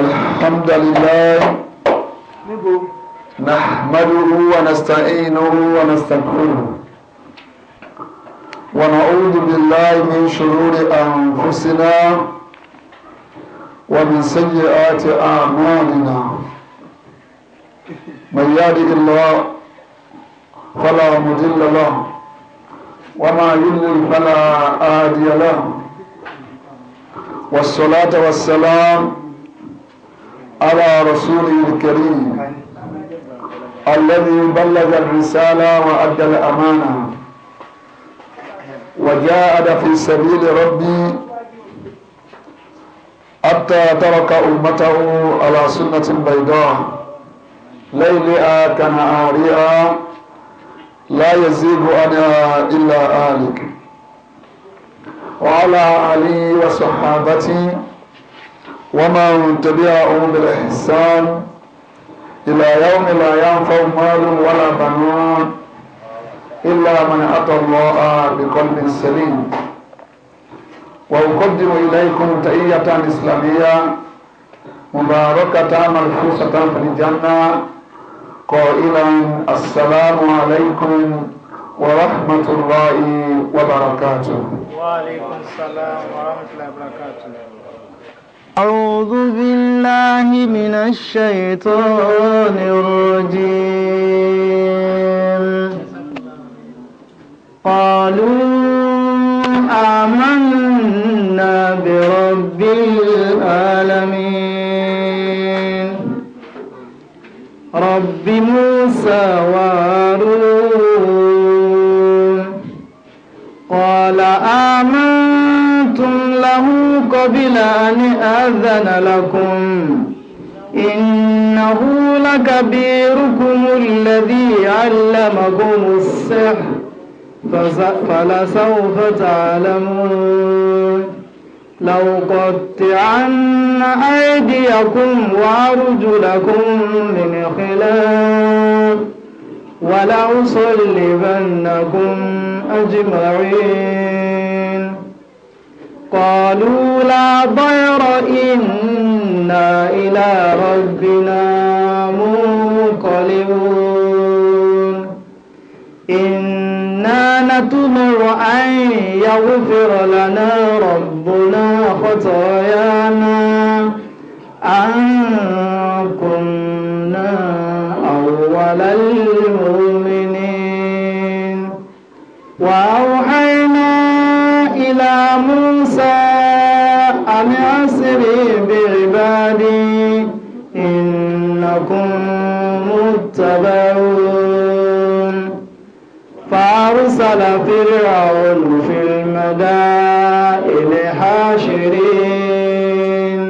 الحمد لله نحمده ونستعينه ونستغفره ونعوذ بالله من شرور أنفسنا ومن سيئات أعمالنا من يهده الله فلا مضل له وما يضلل فلا هادي له والصلاة والسلام على رسوله الكريم الذي بلغ الرسالة وأدى الأمانة وجاهد في سبيل ربي حتى ترك أمته على سنة بيضاء ليلها كنهارها لا يزيد عنها إلا آلك وعلى آله وصحابته ومن تبعهم بالإحسان إلى يوم لا ينفع مال ولا بنون إلا من أتى الله بقلب سليم وأقدم إليكم تحية إسلامية مباركة ملحوسة في الجنة قائلا السلام عليكم ورحمة الله وبركاته وعليكم السلام ورحمة الله وبركاته أعوذ بالله من الشيطان الرجيم قالوا آمنا برب العالمين رب موسى وارون. قال آمنا قبل أن آذن لكم إنه لكبيركم الذي علمكم السحر فلسوف تعلمون لو قطعن أيديكم وأرجلكم من خلاف ولأصلبنكم أجمعين قالوا لا ضير إنا إلى ربنا منقلبون إنا نتمر أن يغفر لنا ربنا خطايانا أن كنا أول المؤمنين وأوحينا إلى موسى أسري بعبادي إنكم متبعون فأرسل فرعون في المدائن حاشرين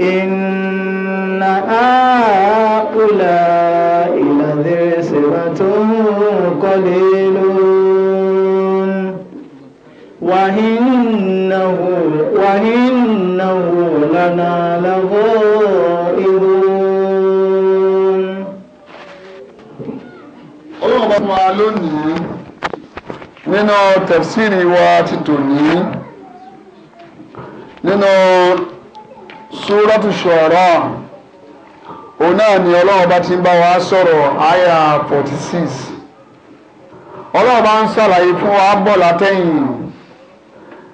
إن هؤلاء لذرسرة قليلون وإن لنا لغائبون ọlọ́run bá fún wa lónìí nínú tẹ̀síìrì wa ti tòní nínú súrọ́tù òun náà ni ọlọ́run bá ti ń bá wa sọ̀rọ̀ àyà forty six ọlọ́run bá ń ṣàlàyé fún wa bọ̀ látẹ̀yìn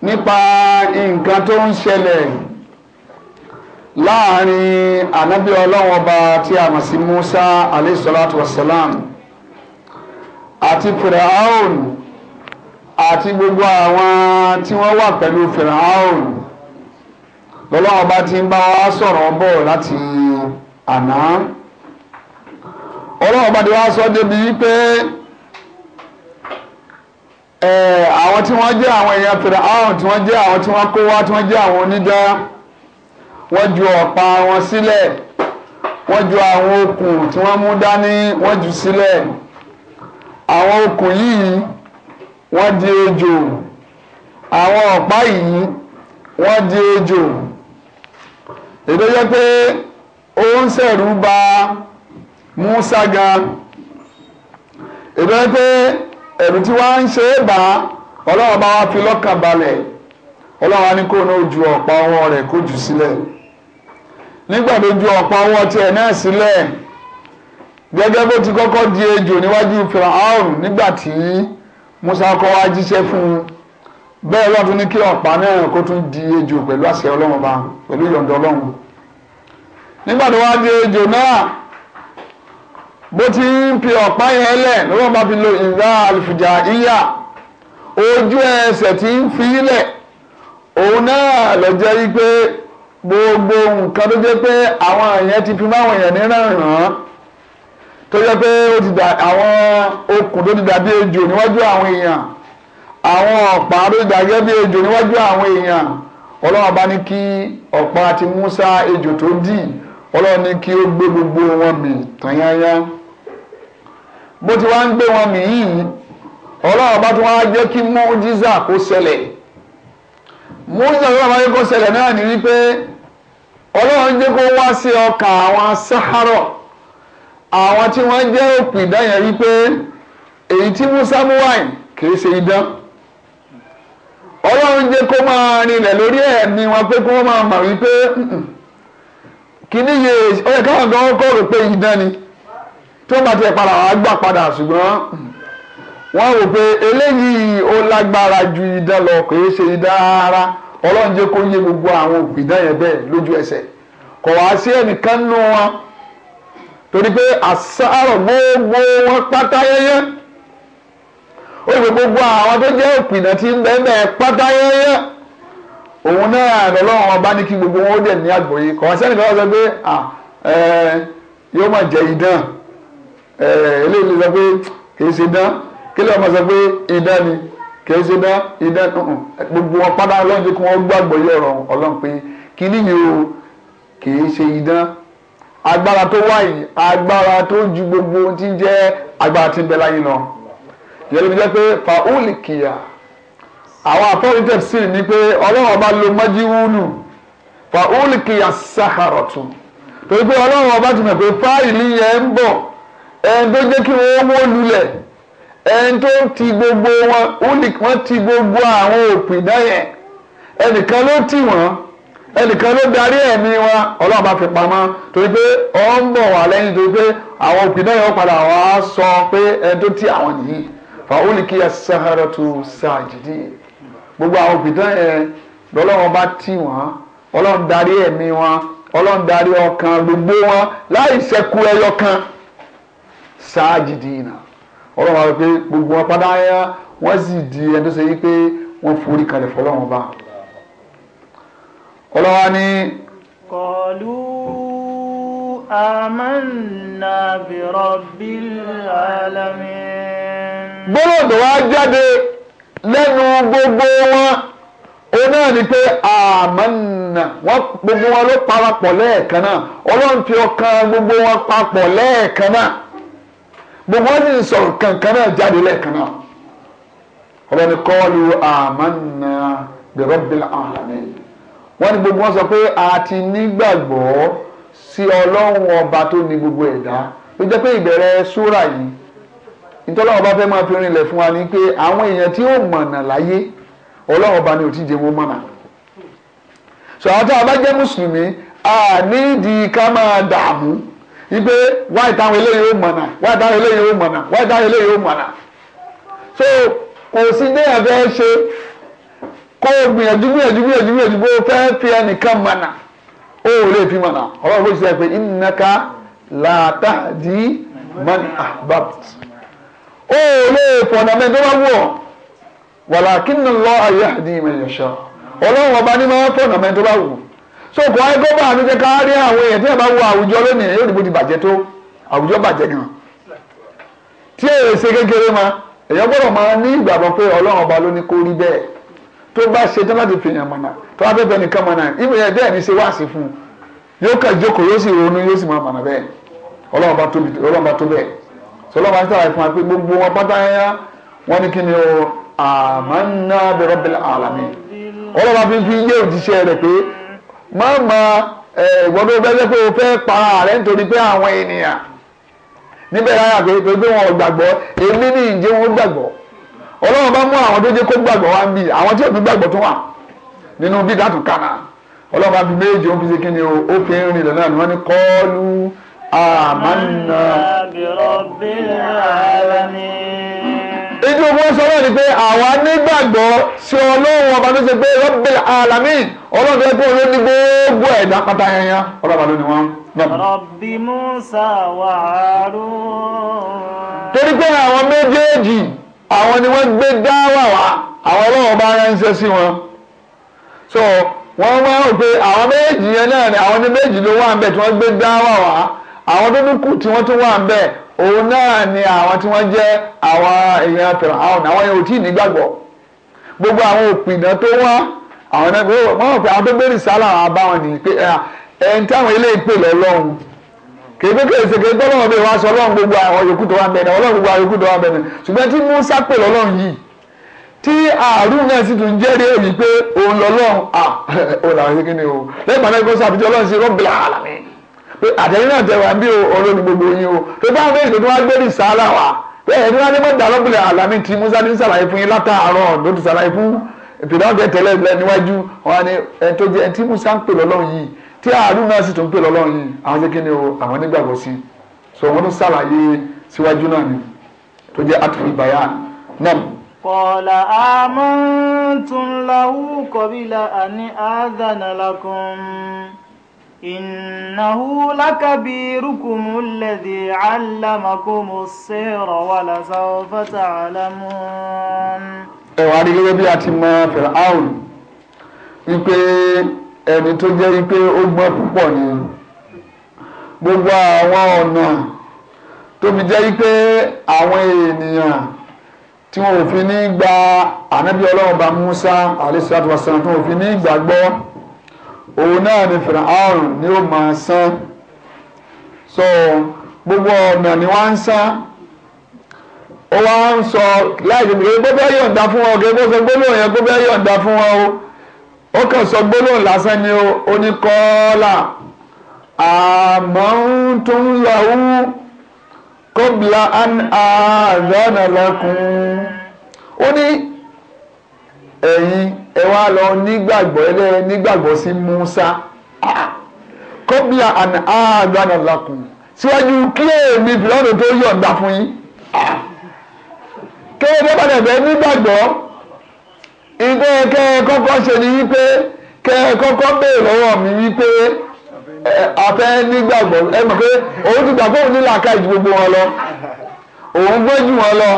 nípa nǹkan tó ń ṣẹlẹ̀ láàrin ànábì ọlọ́run ọba tí a mọ̀ sí Musa aleyhisalatu wasalam àti Firaun àti gbogbo àwọn tí wọ́n wà pẹ̀lú Firaun lọ́lọ́run ọba ti ń bá wa sọ̀rọ̀ bọ̀ láti àná ọlọ́run ọba ti wá sọ débi wípé àwọn tí wọ́n jẹ́ àwọn èèyàn Firaun tí wọ́n jẹ́ àwọn tí wọ́n kó wá tí wọ́n jẹ́ àwọn onídàá. wọ́n ju ọ̀pá wọn sílẹ̀ wọ́n ju àwọn okùn tí wọ́n mú dání wọ́n jù sílẹ̀ àwọn okùn yìí wọ́n di ejò àwọn ọ̀pá yìí wọ́n di ejò èdè jẹ́ pé ó ń ṣẹ̀rù bà Musa gan èdè pé ẹ̀rù tí wọ́n ń ṣe é bá ọlọ́run bá wá fi lọ́kàn balẹ̀ ọlọ́run á ní kó o náà ọ̀pá ọwọ́ rẹ̀ kó jù sílẹ̀ nígbà tó ju ọ̀pọ̀ ọwọ́ tiẹ̀ náà sílẹ̀ gẹ́gẹ́ bó ti kọ́kọ́ di ejò níwájú Firaun nígbà tí Musa kọ́ wá jíṣẹ́ fún un bẹ́ẹ̀ lọ́n tún ní kí ọ̀pá náà kó tún di ejò pẹ̀lú àṣẹ Ọlọ́run ba pẹ̀lú ìyọ̀ǹda Ọlọ́run nígbà tó wá di ejò náà bó ti ń pi ọ̀pá yẹn lẹ̀ lọ́wọ́ bá fi lo ìdá àlùfìjà ìyá ojú ẹsẹ̀ tí ń fi lẹ̀ òun náà lọ jẹ́ wípé gbogbo nǹkan tó jẹ́ pé àwọn èèyàn ti fi máwọn èèyàn nírànràn tó jẹ́ pé ó ti dà àwọn okùn tó ti dàbí ejò níwájú àwọn èèyàn àwọn ọ̀pá tó ti dàgẹ́ bí ejò níwájú àwọn èèyàn ọlọ́run bá ní kí ọ̀pá àti Musa ejò tó dì ọlọ́run ní kí ó gbé gbogbo wọn mì tanyanya bó ti wá ń gbé wọn mì yìí ọlọ́run bá tún wá jẹ́ kí mọ́jísà kó ṣẹlẹ̀ mọ́jísà tó kó ṣẹlẹ̀ náà ní wípé ọlọ́run jẹ́ kó wá sí ọkàn àwọn sáhárọ̀ àwọn tí wọ́n jẹ́ òpì dáyẹ̀ pé èyí tí musa mú wáyé kìí ṣe idán ọlọ́run jẹ́ kó máa rinlẹ̀ lórí ẹ̀mí wọn pé kó máa mọ̀ wípé kìíní yé ó yẹ káwọn gan kọ́ rò pé idán ni tó bá tiẹ̀ padà wàá gbà padà ṣùgbọ́n wọ́n rò pé eléyìí ó lágbára ju idán lọ kìí ṣe idán rárá. ọlọ́run jẹ́ kó yé gbogbo àwọn òpìdán yẹn bẹ́ẹ̀ lójú ẹsẹ̀ kọ̀ wá sí ẹnìkan nù wọn torí pé àsárọ̀ gbogbo wọn pátá yẹ́yẹ́ ó lè gbogbo àwọn tó jẹ́ òpìdán tí ń bẹ́ẹ̀ bẹ́ẹ̀ pátá yẹ́yẹ́ òun náà lọ́lọ́run ọba ní kí gbogbo wọn ó dẹ̀ ní àgbọ́yé kọ̀ wá sí ẹnìkan wọn sọ pé yóò máa jẹ idán eléyìí lè sọ pé kì í ṣe idán kí lè ọmọ sọ pé idán ni kìí ṣe bá idẹ gbogbo wọn padà ọlọ́run jẹ́ kí wọ́n gbàgbọ́ yẹ ọ̀rọ̀ ọlọ́run pé kíní yìí o kìí ṣe idán agbára tó wà yìí agbára tó ju gbogbo ohun tí ń jẹ́ agbára tí ń bẹ láyé lọ ìyẹn ló fi jẹ́ pé fàúlì kìyà àwọn àfọwọ́rìtẹ̀ sì ní pé ọlọ́run ọba lo mọ́jíwúlù fàúlì kìyà sàkàrọ̀tún torí pé ọlọ́run ọba ti mọ̀ pé fáìlì yẹn ń bọ̀ ẹni tó jẹ́ kí wọ́n wó lulẹ̀ ẹni tó ti gbogbo wọn wọ́n ti gbogbo àwọn òpin náà yẹn ẹnìkan ló tì wọ́n ẹnìkan ló darí ẹ̀mí wọn ọlọ́run bá fi pamọ́ torí pé ọ ń bọ̀ wá lẹ́yìn torí pé àwọn òpin náà yẹn padà wọ́n á sọ pé ẹni tó ti àwọn nìyí fàwọn kì í yẹ sahara tó sàjìdì gbogbo àwọn òpin náà yẹn lọ́lọ́run bá tì wọ́n ọlọ́run darí ẹ̀mí wọn ọlọ́run darí ọkàn gbogbo wọn láì ṣẹ́kù ẹyọ kan sáájì dìínà ọlọ́run wa pé gbogbo wọn padà yá wọ́n sì di ẹni tó ṣe yí pé wọ́n forí kalẹ̀ fọlọ́run bá ọlọ́run wa kọlu amanna bi gbọ́dọ̀ wá jáde lẹ́nu gbogbo wọn òun náà ni pé àmọ́nà wọ́n gbogbo wọn ló parapọ̀ lẹ́ẹ̀kan náà ọlọ́run fi ọkàn gbogbo wọn papọ̀ lẹ́ẹ̀kan náà gbogbo wọn sì ń sọ nǹkan kan náà jáde lẹ́ẹ̀kan náà ọlọ́run ní kọ́ọ̀lù àmánà bẹ̀rọ̀ bílà àmì wọ́n ni gbogbo wọn sọ pé a ti nígbàgbọ́ sí ọlọ́run ọba tó ní gbogbo ẹ̀dá ló jẹ́ pé ìbẹ̀rẹ̀ súrà yìí ìtọ́lọ́run ọba fẹ́ máa fi rinlẹ̀ fún wa ní pé àwọn èèyàn tí ó mọ̀nà láyé ọlọ́run ọba ni ò ti jẹ́ wọn mọ̀nà sọ àwọn tá a bá jẹ́ mùsùlùmí a nídìí ká máa dààmú. ibe white táwọn eléyìí ó mọ̀nà so kò sí déyàn fẹ́ ṣe kó gbìyànjú gbìyànjú gbìyànjú gbìyànjú bó o fẹ́ fi ẹnìkan mọ̀nà ó ah? lè fi mọ̀nà ah? ọlọ́run bó ṣe pé innaka la tahdi man ahbabta ó lè fọ̀nà bá yasha ọba ni máa na mẹ́tọ́ bá so kò wáyé bá mi jẹ ká rí àwọn èèyàn tí ẹ bá wo àwùjọ lónìí yóò dìbò ti bàjẹ́ tó àwùjọ bàjẹ́ gan tí èrè ṣe kékeré ma èèyàn gbọ́dọ̀ máa ní ìgbàgbọ́ pé ọlọ́run ọba ló ní kó rí bẹ́ẹ̀ tó bá ṣe tán láti mọ̀nà tó bá fẹ́ nìkan mọ̀nà ìmọ̀ bẹ́ẹ̀ ni ṣe wá sí fún yóò kàn yóò sì ronú yóò sì máa mọ̀nà bẹ́ẹ̀ ọlọ́run má ma ìwọ́n tó fẹ́ pé o fẹ́ para ààrẹ nítorí pé àwọn ènìyàn níbẹ̀ láyà pé pé wọn ò gbàgbọ́ èmi ní ìjẹ́ wọn gbàgbọ́ ọlọ́run bá mú àwọn tó jẹ́ kó gbàgbọ́ wá ń bì àwọn tí òbí gbàgbọ́ tó wà nínú bí kánà ọlọ́run bá fi ibi owó sọ̀rọ̀ ni pé àwa nígbàgbọ́ sí ọlọ́run ọba tó ṣe pé Rabbil Alamin ọlọ́run tó yẹ kó ló ní gbogbo ẹ̀dá pátá yẹnyẹn ọlọ́run ló ní wọn. Rabbi Musa wa Harun. torí pé àwọn méjèèjì àwọn ni wọ́n gbé dáwà wá àwọn ọlọ́run ọba ránṣẹ́ sí wọn. so wọ́n máa ń pe àwọn méjì yẹn náà ni àwọn ní méjì ló wà ń bẹ̀ tí wọ́n gbé dáwà wá àwọn tó dúkù tí wọ́n tún wà ń bẹ̀ òun náà ni àwọn tí wọ́n jẹ́ àwọn èèyàn fẹ̀rẹ̀ àwọn àwọn yẹn ò tí ì nígbàgbọ́ gbogbo àwọn òpìnà tó wá àwọn náà gbé wọn mọ̀ pé àwọn tó gbé rìsálà àwọn abáwọn nìyí pé ẹn táwọn eléyìí pè lọ́lọ́run kèébé kèése kèébé ọlọ́run bẹ́ẹ̀ wá sọ ọlọ́run gbogbo àwọn yòókù tó wà bẹ́ẹ̀ náà ọlọ́run gbogbo àwọn yòókù tó wà bẹ́ẹ̀ náà ṣùgbọ́n tí Musa pè lọ́lọ́run yìí tí ààrùn náà sì tún jẹ́rìí èyí pé òun lọ́lọ́run à òun làwọn ṣe kí ni o lẹ́gbàá náà kó sábìtì ọlọ́run ṣe rọ́bìlà àlàmì pé àtẹ̀yìn náà tẹ̀ wá bí olórí gbogbo yín o tó bá wọn èso tó wá gbé ní sàárà wa bẹ́ẹ̀ ni wọ́n ní mọ̀tà lọ́gbìnrin àlámì tí musa ní sàlàyé fún yín látàárọ̀ ló ti sàlàyé fún ìpìlọ́jẹ tẹ́lẹ̀ níwájú wọn ni ẹni tó jẹ ẹni tí musa ń pè lọ́lọ́run yìí tí àárún náà sì tún pè lọ́lọ́run yìí àwọn jẹ́ kí ni o àwọn nígbàgbọ́ sí so wọ́n tún sàlàyé síwájú náà ni tó jẹ́ àtúntò ìbáyà náà. قال آمنتم له قبل أن آذن لكم إنه لكبيركم الذي علمكم السحر ولسوف تعلمون ẹ wá rí gẹ́gẹ́ bí a ti mọ fìràhùn wípé ẹni tó jẹ́ wípé ó gbọ́n púpọ̀ ni gbogbo àwọn ọ̀nà tó fi jẹ́ wípé àwọn ènìyàn tí wọn ò fi ní gba ànábì ọlọ́run bá Musa alayhi salatu wa salam tí fi ní gbàgbọ́ òun náà ni fìràhùn ni ó máa san so gbogbo ọ̀nà ni wọ́n ń san ó wá ń sọ láì dìbò pé gbogbo yọ̀ǹda fún wọn kò gbogbo gbólóhùn yẹn gbogbo yọ̀ǹda fún wọn o ó kàn sọ gbólóhùn lásán ni o ó ní kọ́ọ́là àmọ́ ń tún yàwó kọ́bìlà àdánà lọ́kùn ó ní ẹ̀yin ẹ wá lọ nígbàgbọ́ ẹlẹ́ nígbàgbọ́ sí Musa ah, kọ́bíà àná àgbàna lakùn síwájú kí èmi fìlànà tó yọ̀ǹda fún yín ah, kéwọ́n bá bàtà bẹ́ẹ̀ nígbàgbọ́ ìgbẹ́ kẹ́ ẹ kọ́kọ́ ṣe ni wípé kẹ́ ẹ kọ́kọ́ béèrè lọ́wọ́ mi wípé afẹ́ nígbàgbọ́ ẹ mọ̀ pé òun ti gbà fóun nílà ká ìdí gbogbo wọn lọ òun gbẹ́jú wọn lọ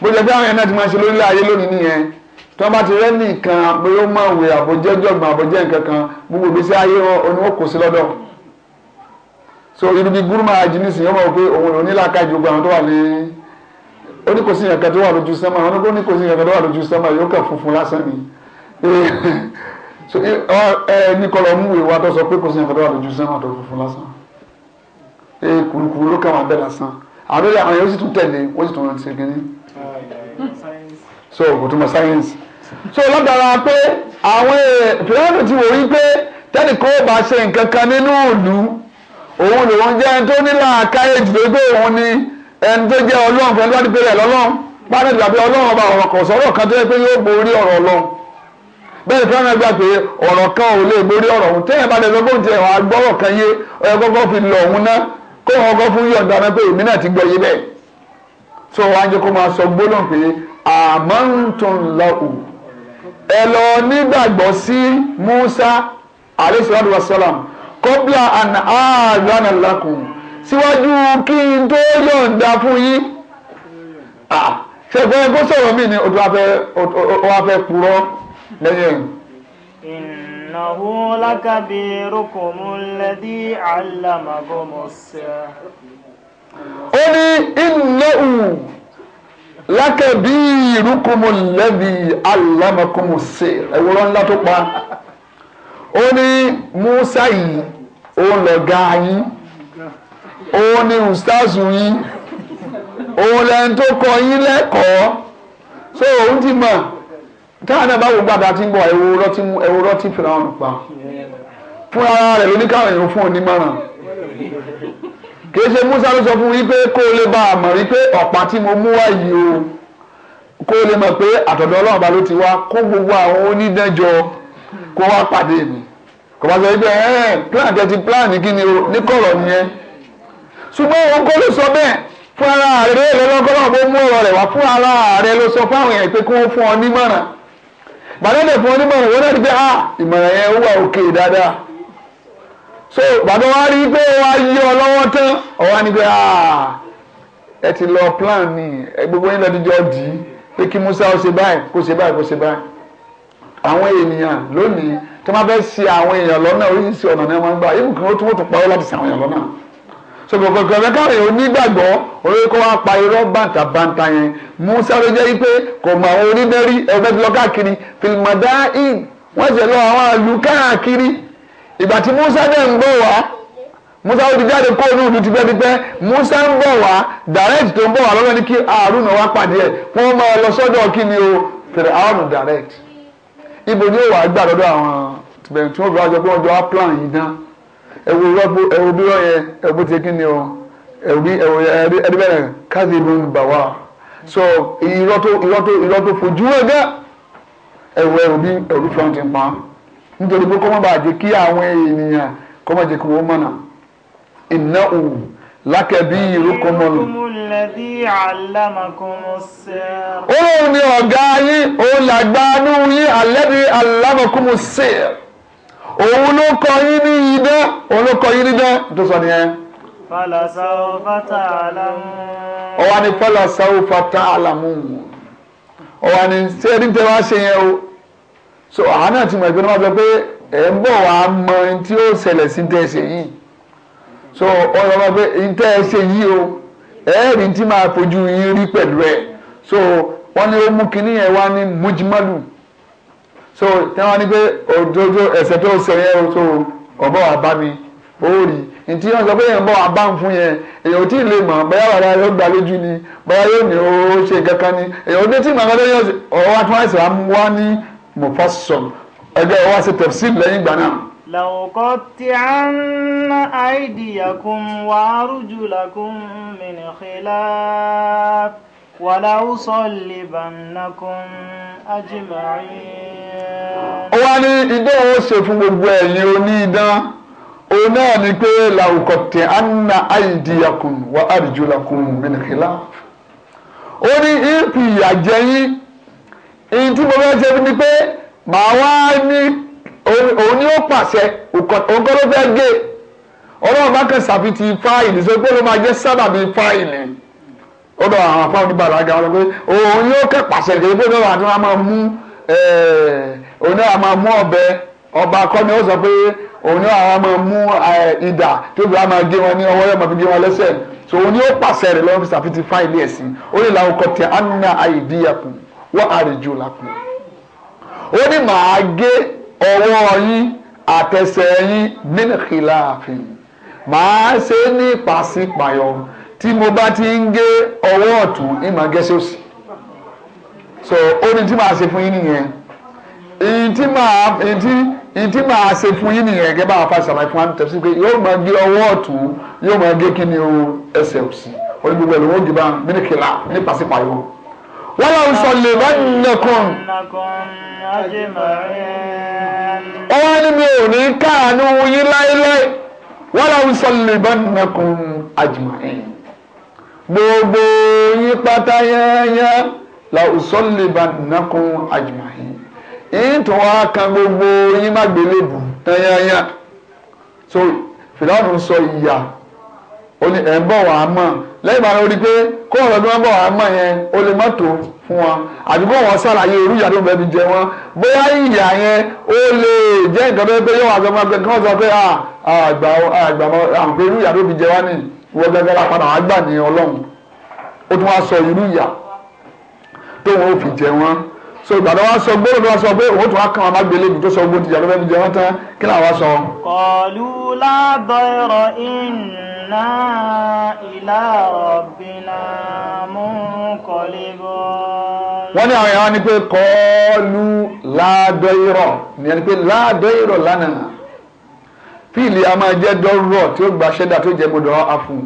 bó jẹ́ àwọn yẹn náà ti máa ṣe lórílẹ̀ ayé lónìí nìyẹn tọ́ba ti rẹ́ nìkan pé ó mọ̀ wẹ̀ àbójẹ́jọ̀gbọ̀n àbójẹ́ nǹkan kan gbogbo ìgbésí ayé oníwó kò sí lọ́dọ̀ so ibi bíi gúrú máa jí nísìnyí ọmọ pé òun ò ní làákà ju gbogbo àwọn tó wà ní oníkòsí nǹkan tó wà lójú sẹ́mà àwọn oníkòsí nǹkan tó wà lójú sẹ́mà yóò kàn funfun lásán ni so ẹni kọlọ mú ìwà tó sọ pé kòsí nǹkan tó wà lójú sẹ́mà tó funfun lásán ee kùrùkùrù ló kàn wà bẹ́ẹ̀ lásán àbẹ́rẹ́ àwọn yóò sì tún tẹ̀lé wọ́n sì tún ṣe kínní so kò túmọ̀ sáyẹ́nsì so lọ́dọ̀ra pé àwọn fìlànà ti wò rí pé tẹ́lẹ̀ kó bá ṣe nǹkan kan nínú ìlú òun lòun jẹ́ ẹni tó ní làákàyè jùlọ pé òun ni ẹni tó jẹ́ ọlọ́run fún ẹni tó bá ti pèrè lọ́lọ́run pàdé ìgbà pé ọlọ́run ọba ọ̀rọ̀ kan sọ̀rọ̀ kan tó yẹ pé yóò borí ọ̀rọ̀ ọlọ́run bẹ́ẹ̀ fẹ́ràn gbà pé ọ̀rọ̀ kan ò lè borí ọ̀rọ̀ òun téèyàn bá dẹ̀ sọ fóun tiẹ̀ wà á gbọ́rọ̀ kan yé ọyọ kọ́kọ́ fi lọ òun ná kó wọn kọ́ fún yọ̀ǹda náà pé èmi náà ti gbọ́ yé bẹ́ẹ̀ tó wọn á jẹ́ kó máa sọ gbólóhùn pé àmọ́ ń tún lọ́kùn ẹ lọ nígbàgbọ́ sí Musa alayhi wasalam kọ́bíà and àádọ́nà lakùn síwájú kí n tó yọ̀ǹda fún yín ṣẹ̀gbọ́n kó sọ̀rọ̀ mí ni o wá fẹ́ purọ́ lẹ́yìn. Innahu lakabirukumul ladhi allamakumus sihr. Ó ní lákẹ̀bí ìrúkùmù lẹ́bi alámakùmù ṣe ẹ̀wúrọ̀ ńlá tó pa ó ní Musa yìí òun lọ̀gá yín òun ni ustazu yín òun lẹ́yìn tó kọ yín lẹ́kọ̀ọ́ so òun ti mọ̀ táwọn náà bá wò gbàdá tí ń bọ̀ ẹ̀wúrọ̀ tí ẹ̀wúrọ̀ tí fìlà ọ̀rùn pa fún ara rẹ̀ lóníkàwé yòó fún onímọ̀ràn kìí ṣe Musa ló sọ fún wípé kó o lè bá a mọ̀ wípé ọ̀pá tí mo mú wá yìí o kó o lè mọ̀ pé àtọ̀dọ̀ Ọlọ́run bá ló ti wá kó gbogbo àwọn onídẹ́jọ kó wá pàdé mi kò bá sọ wípé ẹ̀ẹ́n plan tẹ ti plan kí ni o ní kọ̀rọ̀ nìyẹn ṣùgbọ́n òun kọ́ ló sọ bẹ́ẹ̀ fún ara rẹ̀ lọ́lọ́gọ́lọ́ bó mú ọ̀rọ̀ rẹ̀ wá fún ara rẹ̀ ló sọ fún àwọn èèyàn pé kó o fún ọ nímọ̀ràn bàdẹ́dẹ̀ fún ọ nímọ̀ràn wọ́n náà rí pé ah ìmọ̀ràn yẹn wà òkè dáadáa so bàbá wa rí i pé wàá yí ọ lọ́wọ́ tán ọ̀wá ni pé ah, ẹ ti lọ plan ni gbogbo yín lọ́dún jọ dì í pé kí Musa ó ṣe báyìí kó ṣe báyìí kó ṣe báyìí àwọn ènìyàn lónìí tí wọ́n fẹ́ ṣe àwọn èèyàn lọ́nà oríṣiríṣi ọ̀nà ni wọ́n máa ń gbà ibùkún ó tún wọ́n tún pa ọ́ láti ṣe àwọn èèyàn lọ́nà sọgbọgbọ gbẹmẹ káwọn èèyàn onígbàgbọ́ orí kó wá pa irọ́ bàǹtà bàǹtà yẹn musa ló jẹ́ wípé kò mọ àwọn onídẹ́rí ẹgbẹ́ lọ káàkiri fìlìmọ̀dá in wọ́n ṣe lọ àwọn àlù káàkiri ìgbà tí Musa dẹ̀ ń bọ̀ wá Musa ó ti jáde kó inú ìlú tipẹ́tipẹ́ Musa ń bọ̀ wá direct tó ń bọ̀ wá lọ́nà ní kí àrùn náà wá pàdé ẹ̀ kí wọ́n máa lọ sọ́dọ̀ kí ni o fèrè àrùn direct ibo ni ó wàá gbà lọ́dọ̀ àwọn tìbẹ̀rù tí wọ́n fi wá jọ pé wọ́n jọ wá plan yìí dán ẹ̀wù rọ́pò ẹ̀wù bí wọ́n yẹ ẹ̀wù ti kí ni o ẹ̀wù ẹ̀rí bẹ́ẹ̀ káàdì ló ń bà wá so irọ́ tó irọ́ tó irọ́ tó fojú ẹ̀gá ẹ̀wù ẹ̀wù bí ẹ̀wù front ń pa nítorí pé kọ́mọ́ bá jẹ́ kí àwọn ènìyàn kọ́mọ́ jẹ́ kí wọ́n mọ̀nà iná òwò lákẹ́bí ìrókò mọ́nà. olóhùn ni ọ̀gá yín òun làgbà inú yín alẹ́bí alámọ̀kúnmu sí ẹ̀ òun ló kọ́ yín ní idán òun ló kọ́ yín ní idán tó sọ nìyẹn. falasawo fata alamu. ọwọ́ ni falasawo fata alamu. ọwọ́ ni ṣé ẹni tẹ́ wá ṣe yẹn o so àwọn náà ti mọ̀ ìpinnu wọn sọ pé ẹ̀ ń bọ̀ wá mọ ohun tí ó ṣẹlẹ̀ sí tẹ́ ẹ ṣe yìí so ó lọ mọ pé ohun tẹ́ ẹ ṣe yìí o ẹ̀ẹ́rì tí máa fojú yín rí pẹ̀lú ẹ̀ so wọ́n ní ó mú kinní yẹn wá ní mujimalu so tí wọ́n ní pé òdodo ẹ̀sẹ̀ tó ṣe yẹn o so ọ̀bọ̀ wà bá mi ó rí ntí wọ́n sọ pé èèyàn bọ̀ wá bá ń fún yẹn èèyàn ò tí ì lè mọ̀ bóyá wàrà yóò gbà ni bóyá yóò ní ó ṣe kankan ni èèyàn ò dé tí màmá lóyún ọ̀wá tí wọ́n ṣe wá ní mufassal ẹgbẹ́ wa ṣe tafsir lẹ́yìn ìgbà náà. لأقطعن أيديكم وأرجلكم من خلاف ولأصلبنكم أجمعين. ó wá ní idán ó ṣe fún gbogbo ẹ̀yin onídán òun náà ni pé لأقطعن أيديكم وأرجلكم من خلاف. ó ní ìpìyà ìyìn tí mo fẹ́ ṣe ni pé màá wá ní òun ni ó pàṣẹ òun fẹ́ gé ọlọ́run bá kàn ṣàfihàn fáìlì sọ pé ló máa jẹ́ sábàbí fáìlì ó dọ̀ àwọn afá oníbàlágà wọn pé òun yóò kẹ́ pàṣẹ kí pé lọ́wọ́ àti wọn máa mú eh, òun náà máa mú ọba akọni ó sọ pé òun náà máa mú ìdà eh, tó fi máa gé wọn ní ọwọ́ yóò máa fi gé wọn wọ́n àrèjù làkùn. ó ní màá gé ọwọ́ yín àtẹsẹ̀ yín nínú kìláàfin màá ṣe ní pàṣípàyọ tí mo bá ti ń gé ọwọ́ ọ̀tún ní màá gé sósì. so ó ní tí màá ṣe fún yín nìyẹn ìyìn tí màá ìyìn tí ìtí máa ṣe fún yín nìyẹn gẹ́gẹ́ bá a fa ṣàlàyé fún wa tẹ̀sí pé yóò máa gé ọwọ́ ọ̀tún yóò máa gé kí ni o ẹsẹ̀ òsì onígbogbo ló wọ́n gbé bá mílíkì là ní pàṣípààyò wọ́lá ń sọ lè bá nìkan. ọwọ́ ni mi ò ní káàánú yín láéláé wọ́lá ń sọ lè bá nìkan àjùmọ̀ẹ́. gbogbo yín pátá yẹ́nyẹ́ la ò sọ lè bá nìkan àjùmọ̀ẹ́. yín tó wá kan gbogbo yín má gbélébù tẹ́yẹ́yẹ́. so fìlà ọ̀dùn sọ ìyá. So, ó ní ẹ̀ ń bọ̀ wá mọ̀ lẹ́yìn ìgbà lórí pé kó ọ̀rọ̀ bí wọ́n bọ̀ wá mọ̀ yẹn ó lè má tó fún wọn àbí wọn ṣàlàyé irú ìyá tó ń bẹbi jẹ wọn bóyá ìyá yẹn ó lè jẹ́ nǹkan tó pé yóò wá sọ pé kí wọ́n sọ pé àgbà àgbà àwọn pé irú ìyá tó fi jẹ wá ní ìwọ gẹ́gẹ́ la wá gbà ní ọlọ́run ó tún wá sọ irú ìyá tó wọn ò fi jẹ wọn so ìgbàdàn wa sọ gbọ́dọ̀ tó wa sọ pé òun tó wa kàn wọn bá tó sọ gbọ́dọ̀ ìyá tó fẹ́ fi jẹ wọn tán kí làwọn sọ. kọ̀ọ̀lù lábọ̀ ìnù inna ila rabbina munqalibun. wọ́n ní àwọn èèyàn ni pé kọ́ọ̀lù láàdọ́ irọ́ ìyẹn ni pé láàdọ́ irọ́ lánàá fíìlì a máa jẹ́ dọ́rọ̀ tí ó gba ṣẹ́dá tó jẹ́ gbọdọ̀ á fún un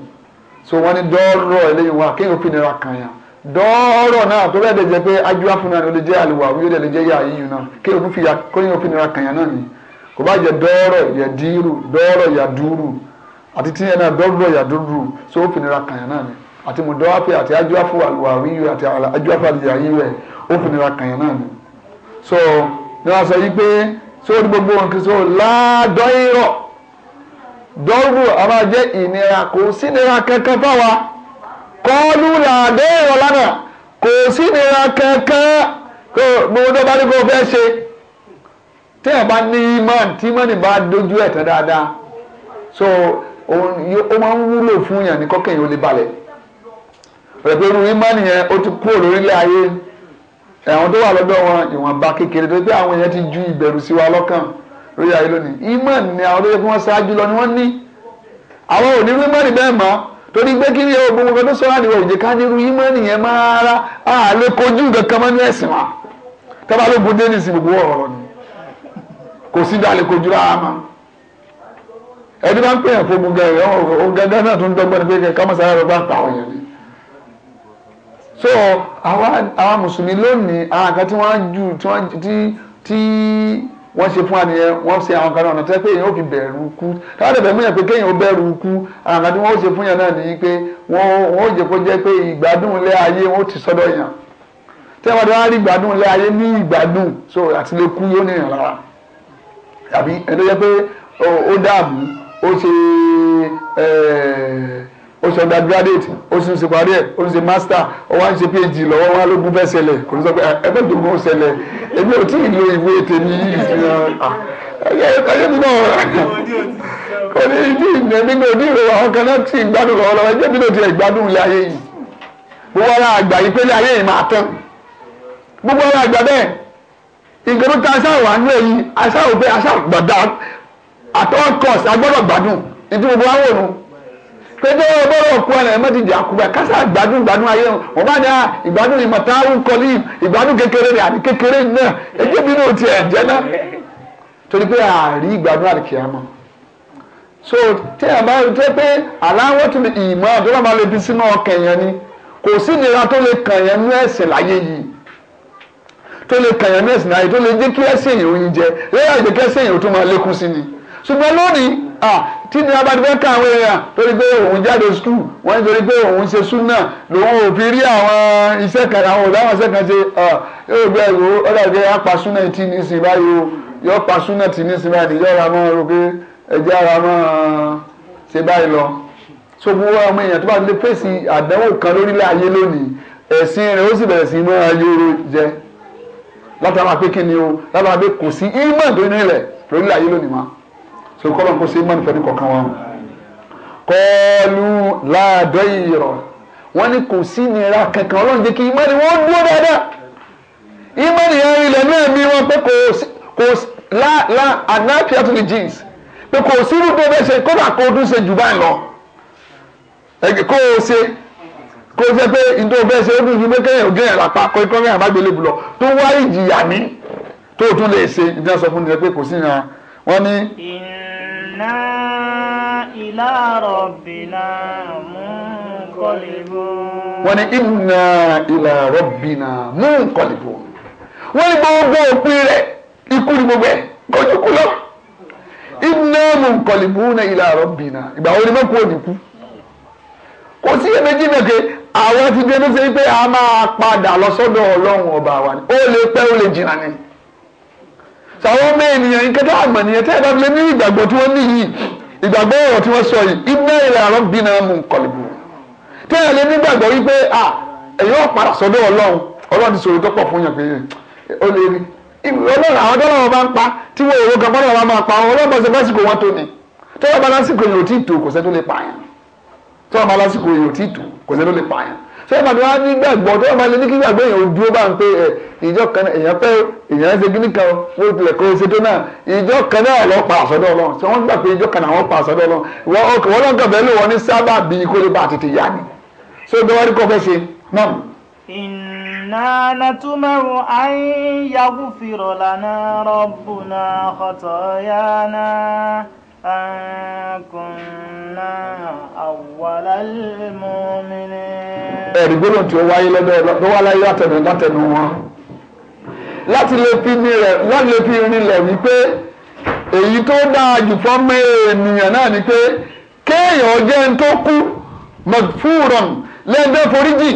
so wọ́n ní dọ́rọ̀ eléyìí wá kéèyàn fi nira kàn yàn dọ́ọ̀rọ̀ náà tó bẹ́ẹ̀ jẹ́ pé ajúwá fún náà ló lè jẹ́ àlùwà wíyó lè jẹ́ yà yíyún náà kí òkú fìyà kóyún òfin nira kàyàn náà ni kò bá jẹ́ dọ́ọ̀rọ̀ yà dírù dọ́ọ̀rọ̀ yà dúrù àti tí yẹn náà dọ́gbọ̀ yà so ó fìnira kàyàn náà ni àti mùdọ́wápè àti ajuafu àwíyù àti ajuafu àdìyà yìí rẹ̀ ó fìnira kàyàn náà ni so ni wọ́n sọ yìí pé so ní gbogbo nǹkan so láàdọ́yìnrọ̀ dọ́gbù a máa jẹ́ ìnira kò sí ìnira kankan fáwa kọ́ọ́lù làdẹ́rọ̀ lánàá kò sí ìnira kankan kó gbogbo bá ní kó fẹ́ ṣe tẹ́ẹ̀ bá ní imán tí imán bá dojú ẹ̀ tán dáadáa so ó máa ń wúlò fún yàn ní kọ́kẹ́yìn ó lè balẹ̀ rẹ̀ pé irú ìmánì yẹn ó ti kúrò lórílẹ̀ ayé ẹ̀wọ̀n tó wà lọ́dọ̀ wọn ìwọ̀nba kékeré tó pé àwọn yẹn ti ju ìbẹ̀rù sí wa lọ́kàn lórí ayé lónìí ìmánì ni àwọn tó yẹ kí wọ́n ṣáájú lọ ni wọ́n ní àwọn ò ní irú ìmánì bẹ́ẹ̀ mọ́ torí pé kí ni ogun kan tó sọ́ra nìwọ̀ òjì ká ní irú ìmánì yẹn máa rá a lè kojú nǹkan kan mọ́ ní ẹ̀sìn wa tábà ló bu dénìsì gbogbo ọ̀rọ̀ ni kò sí dá lè kojú rárá máa ẹni bá ń pè yàn fógun gẹ ẹ òun gẹgẹ náà tó ń dọ́gbọ́n ni pé kẹ ká mọ̀sára rẹ bá ń pa yẹn ni. so àwa àwa mùsùlùmí lónìí àwọn kan tí wọ́n jù tí wọ́n ti ti wọ́n ṣe fún àníyàn wọ́n ṣe àwọn kan náà ọ̀nà tẹ́ pé èèyàn ò fi bẹ̀rù ikú táwọn ẹ̀bẹ̀ mú yàn pé kéèyàn ó bẹ̀rù ikú àwọn kan tí wọ́n ó ṣe fún yàn náà nìyí pé wọ́n ó jẹ́ kó jẹ́ pé ìgbádùn lé ayé wọ́n ó ti sọ́dọ̀ yàn tí wọ́n á rí ìgbádùn lé ayé ní ìgbádùn so àti lè kú yóò níyàn lára àbí ẹni tó jẹ́ pé ó dààmú ó ṣe ó ṣe undergraduate ó sì ń ṣe parí ẹ̀ ó ń ṣe master ó wá ń ṣe phd lọ́wọ́ wá ló gún bẹ́ẹ̀ ṣẹlẹ̀ kò ní sọ pé ah, ẹgbẹ́ tó gún ṣẹlẹ̀ èmi ò tí ì lo ìwé tèmi yìí ẹgbẹ́ mi náà kò ní ìdí ìdẹ́bí mi ò ní ìrora àwọn kan náà ti gbádùn lọ́wọ́lọ́wọ́ ẹgbẹ́ mi náà ti gbádùn ilé ayé yìí gbogbo ara àgbà yìí pé ilé ayé yìí máa tán gbogbo ara àgbà bẹ́ẹ̀ ìgbèrú ta aṣáò wà nílẹ̀ yìí aṣáò bẹ́ẹ̀ aṣáò gbọ̀dá at all cost agbọ́dọ̀ gbádùn nítorí gbogbo wa wò nu pété ọgbọ́dọ̀ kú ẹ̀rẹ̀ mẹ́tìdì àkùbẹ̀ kásá gbádùn gbádùn ayé wọn wọn bá ní à ah, ìgbádùn ni mọ̀tàrún kọ́lí ìgbádùn kékeré rẹ̀ àti kékeré náà ẹjẹ́ bí ní òtí so tí ẹ bá rí pé aláwọ̀ sínú ọkàn yẹn ni kò sí ìnira tó lè kàn yẹn ní láyé yìí tó lè kàn yẹn ní láyé tó lè kí jẹ ṣùgbọ́n lónìí tí ní abadìbẹ́ ká àwọn èèyàn torí pé òun jáde skul wọ́n ní torí pé òun ṣe súnà lòun ò fi rí àwọn iṣẹ́ kan àwọn òbí àwọn iṣẹ́ kan ṣe yóò gbé ẹ̀rọ ọ̀dà pé a pa súnà tí ní sin báyìí o yóò pa súnà tí ní sin báyìí yóò ra mọ́ ro pé ẹ̀jẹ̀ ara mọ́ ṣe báyìí lọ. so gbogbo ọmọ èèyàn tó bá lè fèsì àdánwò kan lórílẹ̀ ayé lónìí ẹ̀sìn rẹ̀ ó sì bẹ̀rẹ̀ sí mọ́ ayóró jẹ látara pé kí ni o látara pé kò sí ímọ̀ tó nílẹ̀ lórílẹ̀ ayé lónìí máa so kọ́lọ́n kó ṣe é mọ́nìfẹ́ ní kọ̀ọ̀kan wọn. kọ́ọ̀lù láàdọ́ ìrọ̀ wọ́n ní kò sí nira kankan ọlọ́run jẹ́ kí ìmọ̀ni wọ́n dúró dáadáa ìmọ̀ni yẹn rí ilẹ̀ náà bí wọ́n pé kò sí kò la la ànáfíà tó lè jeans pé kò sí irú tó bẹ́ẹ̀ ṣe kódà kó dún ṣe jù báyìí lọ kó o ṣe kó o ṣe pé ìdó bẹ́ẹ̀ ṣe ó dùn ju pé kéèyàn ògé yẹn lápá kó ikọ́ mẹ́rin àbágbélé bùlọ̀ tó wá ìjìyà ní tó tún lè ṣe ìdí àṣọ fún mi pé kò sí yẹn wọ́n ní. إنا إلى ربنا منقلبون wọ́n ní إنا إلى ربنا منقلبون wọ́n ní gbogbo òpin rẹ̀ ikú ni gbogbo ẹ̀ kọjú kú lọ إنا منقلبون إلى ربنا ìgbà wo ni mẹ́kú òní kú kò sí iyèméjì náà àwọn ti dé ní sẹ́yìn pé a máa padà lọ sọ́dọ̀ ọlọ́run ọba wa ni ó lè pẹ́ ó lè jìnnà ni tàwọn ọmọ ènìyàn nkẹta àgbọ̀n nìyẹn tẹ́ ẹ bá fi lé ní ìgbàgbọ́ tí wọ́n ní yìí ìgbàgbọ́ ọ̀rọ̀ tí wọ́n sọ yìí iná ilẹ̀ àrọ́ bí náà mú nkọlùbù tẹ́ ẹ lé nígbàgbọ́ wípé à èyí wọ́n padà sọ́dọ̀ ọlọ́run ọlọ́run ti sọ̀rọ̀ tó pọ̀ fún yàn pé ó lè rí ọlọ́run àwọn tó lọ́wọ́ bá ń pa tí wọ́n èrò kan bọ́dọ̀ wọn máa pa ọlọ́run bá ṣe wọn tó ni tọ́wọ́ bá lásìkò yìí ò tí ì tó kò sẹ́ tó lè pààyàn tọ́wọ́ bá lásìkò yìí ò tí ì tó kò sẹ́ tó lè pààyàn sẹ́fàdì wá ní gbàgbọ́ tó máa lè ní kí gbàgbọ́ èèyàn ojú ó bá ń pe ẹ̀ ìjọ kan náà èèyàn fẹ́ èèyàn ṣe kíní kan ó tilẹ̀ kó ṣe tó náà ìjọ kan náà lọ pa àsọdọ̀ ọlọ́run ṣé wọ́n gbà pé ìjọ kan náà wọ́n pa àsọdọ̀ ọlọ́run wọ́n ọkọ̀ wọ́n lọ́nkàn bẹ́ẹ̀ ló wọ́n ní sábà bí kó lè bá àtètè yá ni ṣé o gbẹ́wárí kọ́ fẹ́ ṣe náà ẹ̀rí gbólóhùn tí ó wáyé lọ́dọ̀ wá láyé látẹnu látẹnu wọn láti lè fi rinlẹ̀ láti lè fi rinlẹ̀ wípé èyí tó dáa jù fọ́mọ ènìyàn náà ni pé kéèyàn jẹ́ ń tó kú mọ̀fúrọ̀n lẹ́ẹ̀dẹ́ foríjì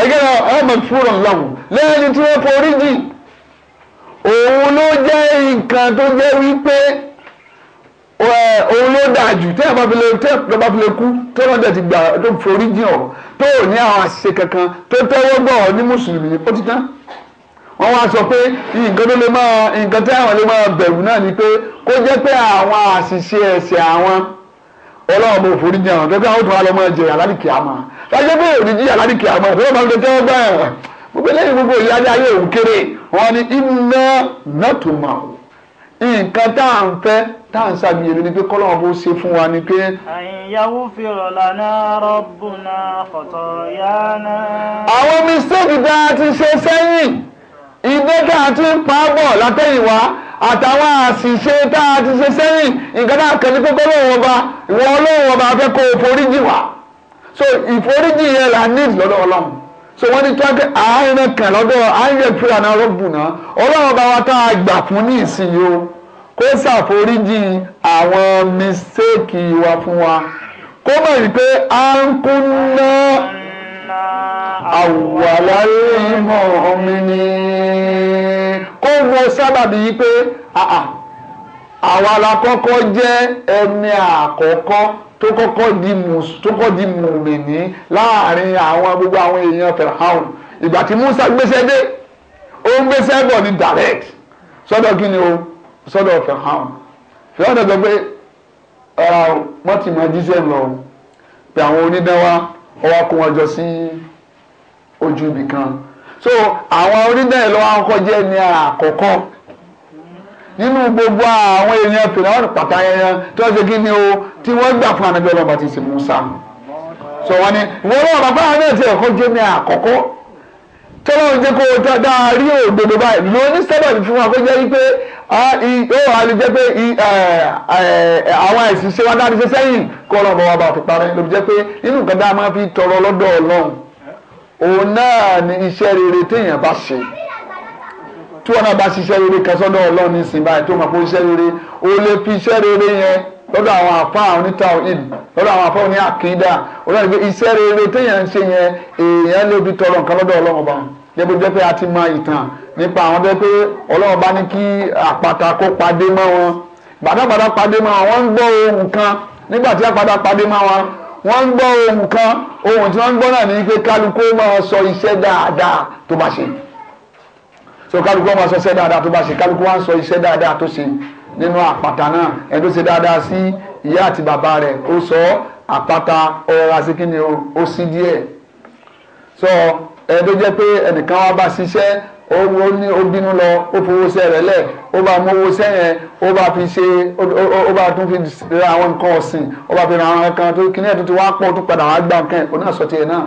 ẹgbẹ́ ẹ mọ̀fúrọ̀n lọ́wọ́ lẹ́ẹ̀dẹ́ tí wọ́n foríjì òun ló jẹ́ nǹkan tó jẹ́ wípé òun ló dáa jù tẹ́yà bá file tẹ́yà bá file kú tẹ́yà bá ti gbà tó forí jìn ọ́ tó ò ní àwọn àṣìṣe kankan tó tẹ́wọ́ gbọ́ ọ ní mùsùlùmí ó ti tán wọ́n wá sọ pé nǹkan tó lè máa nǹkan tí àwọn lè máa bẹ̀rù náà ni pé kó jẹ́ pé àwọn àṣìṣe ẹ̀ṣẹ̀ àwọn ọlọ́run bò forí jìn àwọn tó kí àwọn tó wà lọ́ máa jẹyà lálìkì àmọ́ lájẹ́ pé òní jìyà lálìkì àmọ́ òfin máa ń tẹ́wọ́ gbà ẹ̀ gbogbo eléyìí gbogbo ìyá ayé òun kéré wọn ni nǹkan tá à ń fẹ́ tá à ń ṣàgbìyànjú ni pé kọ́lọ́wọ́n bó ṣe fún wa ni pé. àyìnyáwó fi rọ̀lá náà rọ́bù náà fọ̀tọ̀ yá náà. àwọn mistake tá a ti ṣe sẹ́yìn ìdè tá a ti ń pa á bọ̀ látẹ̀yìnwá àtàwọn àṣìṣe tá a ti ṣe sẹ́yìn nǹkan náà kẹ́ni pé kọ́lọ́wọ́n ọba ìwọ ọlọ́wọ́n ọba fẹ́ kó o foríjì wá so ìforíjì yẹn là ní lọ́dọ̀ ọlọ́run so wọ́n ní tọ́kẹ́ àárín kan lọ́dọ̀ àárín yẹn fúlànà rọ́bù náà ọlọ́run ọba wa tá a gbà fún ní ìsinyìí o kó ṣàforíjì àwọn mistéèkì wa fún wa kó mọ̀ wípé à ń kúnná àwàlárí mọ́ mi ni kó mọ sábàbí wípé àwa la kọ́kọ́ jẹ́ ẹni àkọ́kọ́ tó kọ́kọ́ di mùs tó kọ́kọ́ di mùmìnì láàrin àwọn gbogbo àwọn èèyàn fẹ̀hàn ìgbà tí Musa gbéṣẹ́ dé ó ń gbéṣẹ́ bọ̀ ní direct sọ́dọ̀ kí ni o sọ́dọ̀ fẹ̀hán fẹ̀hán dẹ̀ sọ pé ara wọn ti mọ jíṣẹ́ lọ pé àwọn onídánwá ọwọ́ kó wọn jọ sí ojú ibì kan so àwọn onídánwá lọ́wọ́ akọ́kọ́ jẹ́ ní àkọ́kọ́ nínú gbogbo àwọn èèyàn fìlàwọn pàtà ẹyẹ tí wọ́n ṣe kí ni o tí wọ́n gbà fún ànábì ọlọ́ba ti sì Mùsá so wọ́n ní wọ́n lọ́wọ́ bàbá àwọn ẹ̀jẹ̀ ẹ̀kọ́ jẹ́ ní àkọ́kọ́ tọ́lọ́run jẹ́ kó o ta dáa rí òdodo báyìí lóní sábà fún wa kó jẹ́ wípé ó wà lè jẹ́ pé àwọn àìsàn ṣe wá dáa ṣe sẹ́yìn kó ọlọ́run bá wa bá fi parẹ́ ló jẹ́ pé inú nǹkan dáa máa fi tọrọ lọ́dọ̀ ọlọ́run òun náà ni iṣẹ́ rere téèyàn bá ṣe tí wọn náà bá ṣiṣẹ́ rere kan sọ́dọ̀ ọlọ́run nísìnyí báyìí tó máa kó iṣẹ́ rere o lè fi iṣẹ́ rere yẹn lọ́dọ̀ àwọn àfa oníta ìd lọ́dọ̀ àwọn àfa oní àkídà olóògbé iṣẹ́ rere téèyàn ń ṣe yẹn èèyàn lè fi tọrọ nǹkan lọ́dọ̀ ọlọ́run ọba débò jẹ́ pé a ti mọ ìtàn nípa àwọn tó pé ọlọ́run bá ní kí àpáta kó padé mọ́ wọn gbàdàgbàdà padé mọ́ wọn wọ́n ń gbọ́ ohun kan nígbà tí àpáta padé mọ́ wọn wọ́n ń gbọ́ ohun kan ohun tí wọ́n ń gbọ́ náà ní pé kálukú máa sọ iṣẹ́ dáadáa tó bá ṣe so kálukú máa sọ iṣẹ́ dáadáa tó bá ṣe kálukú wá ń sọ iṣẹ́ dáadáa tó ṣe nínú àpáta náà ẹni tó ṣe dáadáa sí ìyá àti bàbá rẹ̀ ó sọ àpáta ọ̀rọ̀ àti kíni ó sí díẹ̀ so ẹni tó jẹ́ pé ẹnìkan wá bá ṣiṣẹ́ ó ní ó bínú lọ ó fowó sẹ́ rẹ̀ lẹ̀ ó bá mú owó sẹ́yìn ó bá fi ṣe ó bá tún fi ra àwọn nǹkan ọ̀sìn ó bá fi ra àwọn nǹkan tó kíní ẹ̀ tó ti wá pọ̀ tó padà wá gbà kẹ́ ẹ̀ ó náà sọ tiẹ̀ náà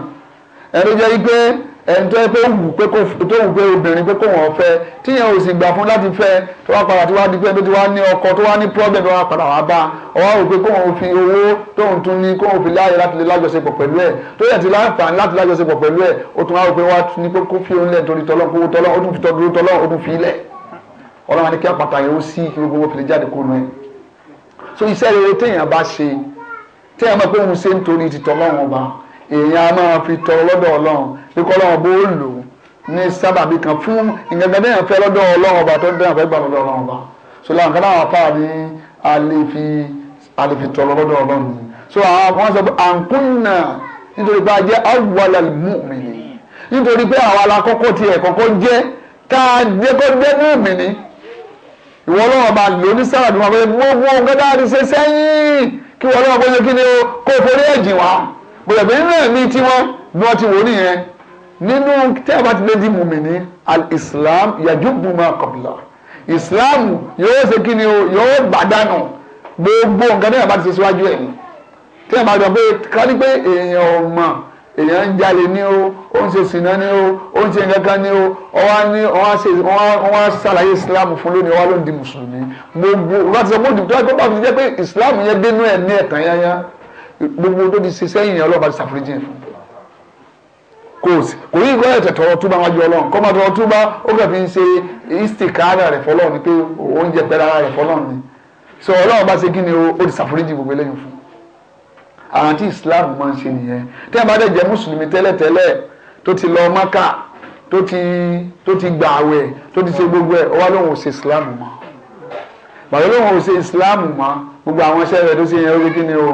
ẹni jẹ́ pé ẹni tó yẹ pé wù pé tó wù pé obìnrin pé kò wọ́n fẹ́ tíyẹn ò sì gbà fún láti fẹ́ tó wá padà tó wá di pé tó wá ní ọkọ tó wá ní problem tó wá padà wá bá ọwọ́ rò pé kò wọ́n fi owó tóun tún ní kò wọ́n fi láàyè láti lè lájọṣepọ̀ pẹ̀lú ẹ̀ tó yẹ ti láǹfààní láti lájọṣepọ̀ pẹ̀lú ẹ̀ ó tún wá rò pé wá ní pé kó fi oúnlẹ̀ torí tọ́lọ́ kó tọ́lọ́ ó tún fi tọ́dúró tọ́lọ́ o tún fi ilẹ̀ ọlọ́run ni kí apàtà yẹn ó sí kí gbogbo fi lè jáde kó nu ẹ̀ so iṣẹ́ èèyàn a máa fi tọrọ lọ́dọ̀ ọlọ́run bí kọ́ ọlọ́run bó lò ó ní sábàbí kan fún ìgbàgbọ́ déyàn fẹ́ lọ́dọ̀ ọlọ́run ọba tó déyàn fẹ́ gbà lọ́dọ̀ ọlọ́run ọba so láwọn kan náà fáà ní àlefi àlefi tọrọ lọ́dọ̀ ọlọ́run ni so àwọn kan sọ pé à ń kún náà nítorí pé a jẹ́ awwalal mu'minin nítorí pé àwa la kọ́kọ́ tiẹ̀ kọ́kọ́ jẹ́ tá a jẹ́ kó jẹ́ mu'minin ìwọ ọlọ́run ọba lò ní sábàbí wọn pé gbogbo nǹkan tá ṣe sẹ́yìn kí wọ́n ọlọ́run kó ṣe kí ni o kó forí ẹ̀jìn wá gbọdọ̀gbẹ́ nínú ẹ̀mí tí wọ́n ni wọ́n ti wò nìyẹn nínú tẹ́ ẹ bá ti lé di mùmìnì al-islam yajubu ma qabla islam yóò ṣe kí ni o yóò gbàdánù gbogbo nǹkan tẹ́ ẹ bá ti ṣe síwájú ẹ̀ tẹ́ ẹ bá jọ pé ká ní pé èèyàn ò mọ̀ èèyàn ń jalè ní o ó ń ṣe sìnà ní o ó ń ṣe nǹkan ní o ọwọ́ ní ọwọ́ ṣe ṣàlàyé islam fún lónìí ọwọ́ ló ń di mùsùlùmí gbogbo láti sọ pé ó ti jẹ́ pé islam yẹn dénú ẹ̀ ní ẹ̀tàn yányá gbogbo tó ti ṣe sẹ́yìn yẹn ọlọ́ba ti ṣàforíjì fún kò sí kò ní ìgbà ẹ̀tẹ̀ tọrọ túbà wájú ọlọ́run kọ́ máa tọrọ túbà ó kàn fi ń ṣe istikara rẹ̀ fọlọ́run ni pé oúnjẹ pẹ̀lú ara rẹ̀ fọlọ́run ni so ọlọ́run bá ṣe kí ni ó ti ṣàforíjì gbogbo eléyìí fún àwọn tí Islam máa ń ṣe nìyẹn tí a bá dẹ̀ jẹ́ mùsùlùmí tẹ́lẹ̀tẹ́lẹ̀ tó ti lọ Mákà tó ti tó ti gbà àwẹ̀ tó ti ṣe gbogbo ẹ̀ ọwọ́ lóhùn ò ṣe Islam mọ́ bàbá lóhùn ò ṣe Islam mọ́ gbogbo àwọn iṣẹ́ rẹ̀ tó ṣe yẹn ó rí kí ni o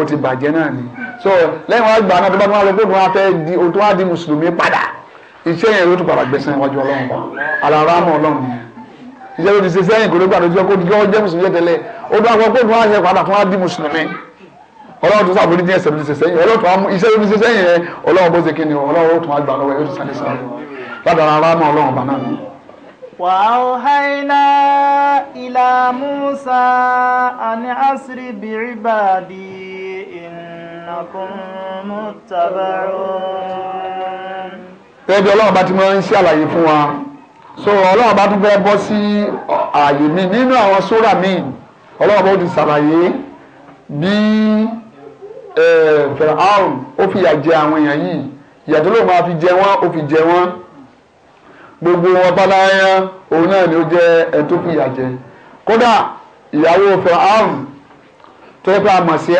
ó ti bàjẹ́ náà ni so lẹ́yìn wọn gbà náà tó bá tó wá lọ pé òun wá fẹ́ di òun tó wá di mùsùlùmí padà iṣẹ́ yẹn ló tún padà gbẹ̀sán iwájú ọlọ́run ara ara mọ́ ọlọ́run yẹn iṣẹ́ ló ti ṣe sẹ́yìn kò ló gbà lójú ọkọ̀ jọ́ jẹ́ mùsùlùmí tẹ́lẹ̀ ó dún àwọn gbọ́dọ̀ wá ṣe padà fún wa di mùsùlùmí ọlọ́run tó sàbòrí díẹ̀ sẹ́yìn ṣe sẹ́yìn ọlọ́run tó wá mú iṣẹ́ ló ti ṣe sẹ́yìn yẹn ọlọ́run bó ṣe kíni ọlọ́run ó tún wá gbà lọ́wọ́ yóò tún sáré sáré ládàá ara mọ́ ọlọ́run bá náà وأوحينا إلى موسى أن أسر بعبادي إنكم متبعون ẹbí ọlọ́run bá ti máa ń ṣàlàyé fún wa so ọlọ́run bá tún fẹ́ bọ́ sí ààyè mi nínú àwọn sóra mi ọlọ́run bá ti ṣàlàyé bí eh, fẹ̀rẹ̀ àrùn ó fìyà jẹ àwọn èèyàn yìí ìyà tó máa fi jẹ wọ́n ó fi jẹ wọ́n gbogbo wọn báláyà òun náà ni ó jẹ kódà ìyàwó fẹ àrùn tó yẹ pé a mọ̀ sí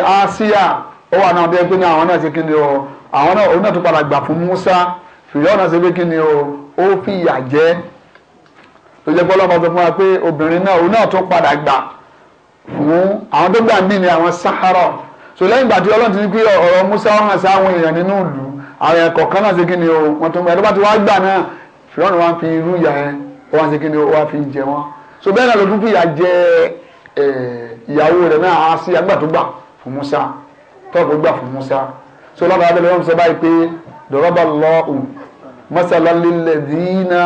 na ó wà náà bẹ́ẹ̀ pé ní àwọn náà ṣe ni o àwọn náà òun náà tó padà gbà fún Musa fìyàwó o ó tó jẹ́ pé ọlọ́mọ fún wa pé obìnrin náà òun náà tó padà gbà fún so lẹ́yìn ìgbà tí ọlọ́run ti Musa hàn sí àwọn èèyàn nínú ìlú àwọn náà ṣe o wọ́n tó ń gbà ẹ̀ fìrọ́nù wa fi irú ìyá yẹn ó wá sí kí ni ó wá fi jẹ wọn so bẹ́ẹ̀ náà ló tún fìyà jẹ ìyàwó rẹ̀ náà á sí agbà tó gbà fún Musa tọ́ọ̀bù gbà fún Musa so lọ́ba abẹ́lẹ́ wọn sọ báyìí pé dọ̀rọ́bà lọ́ọ̀hùn masala lílẹ̀dínà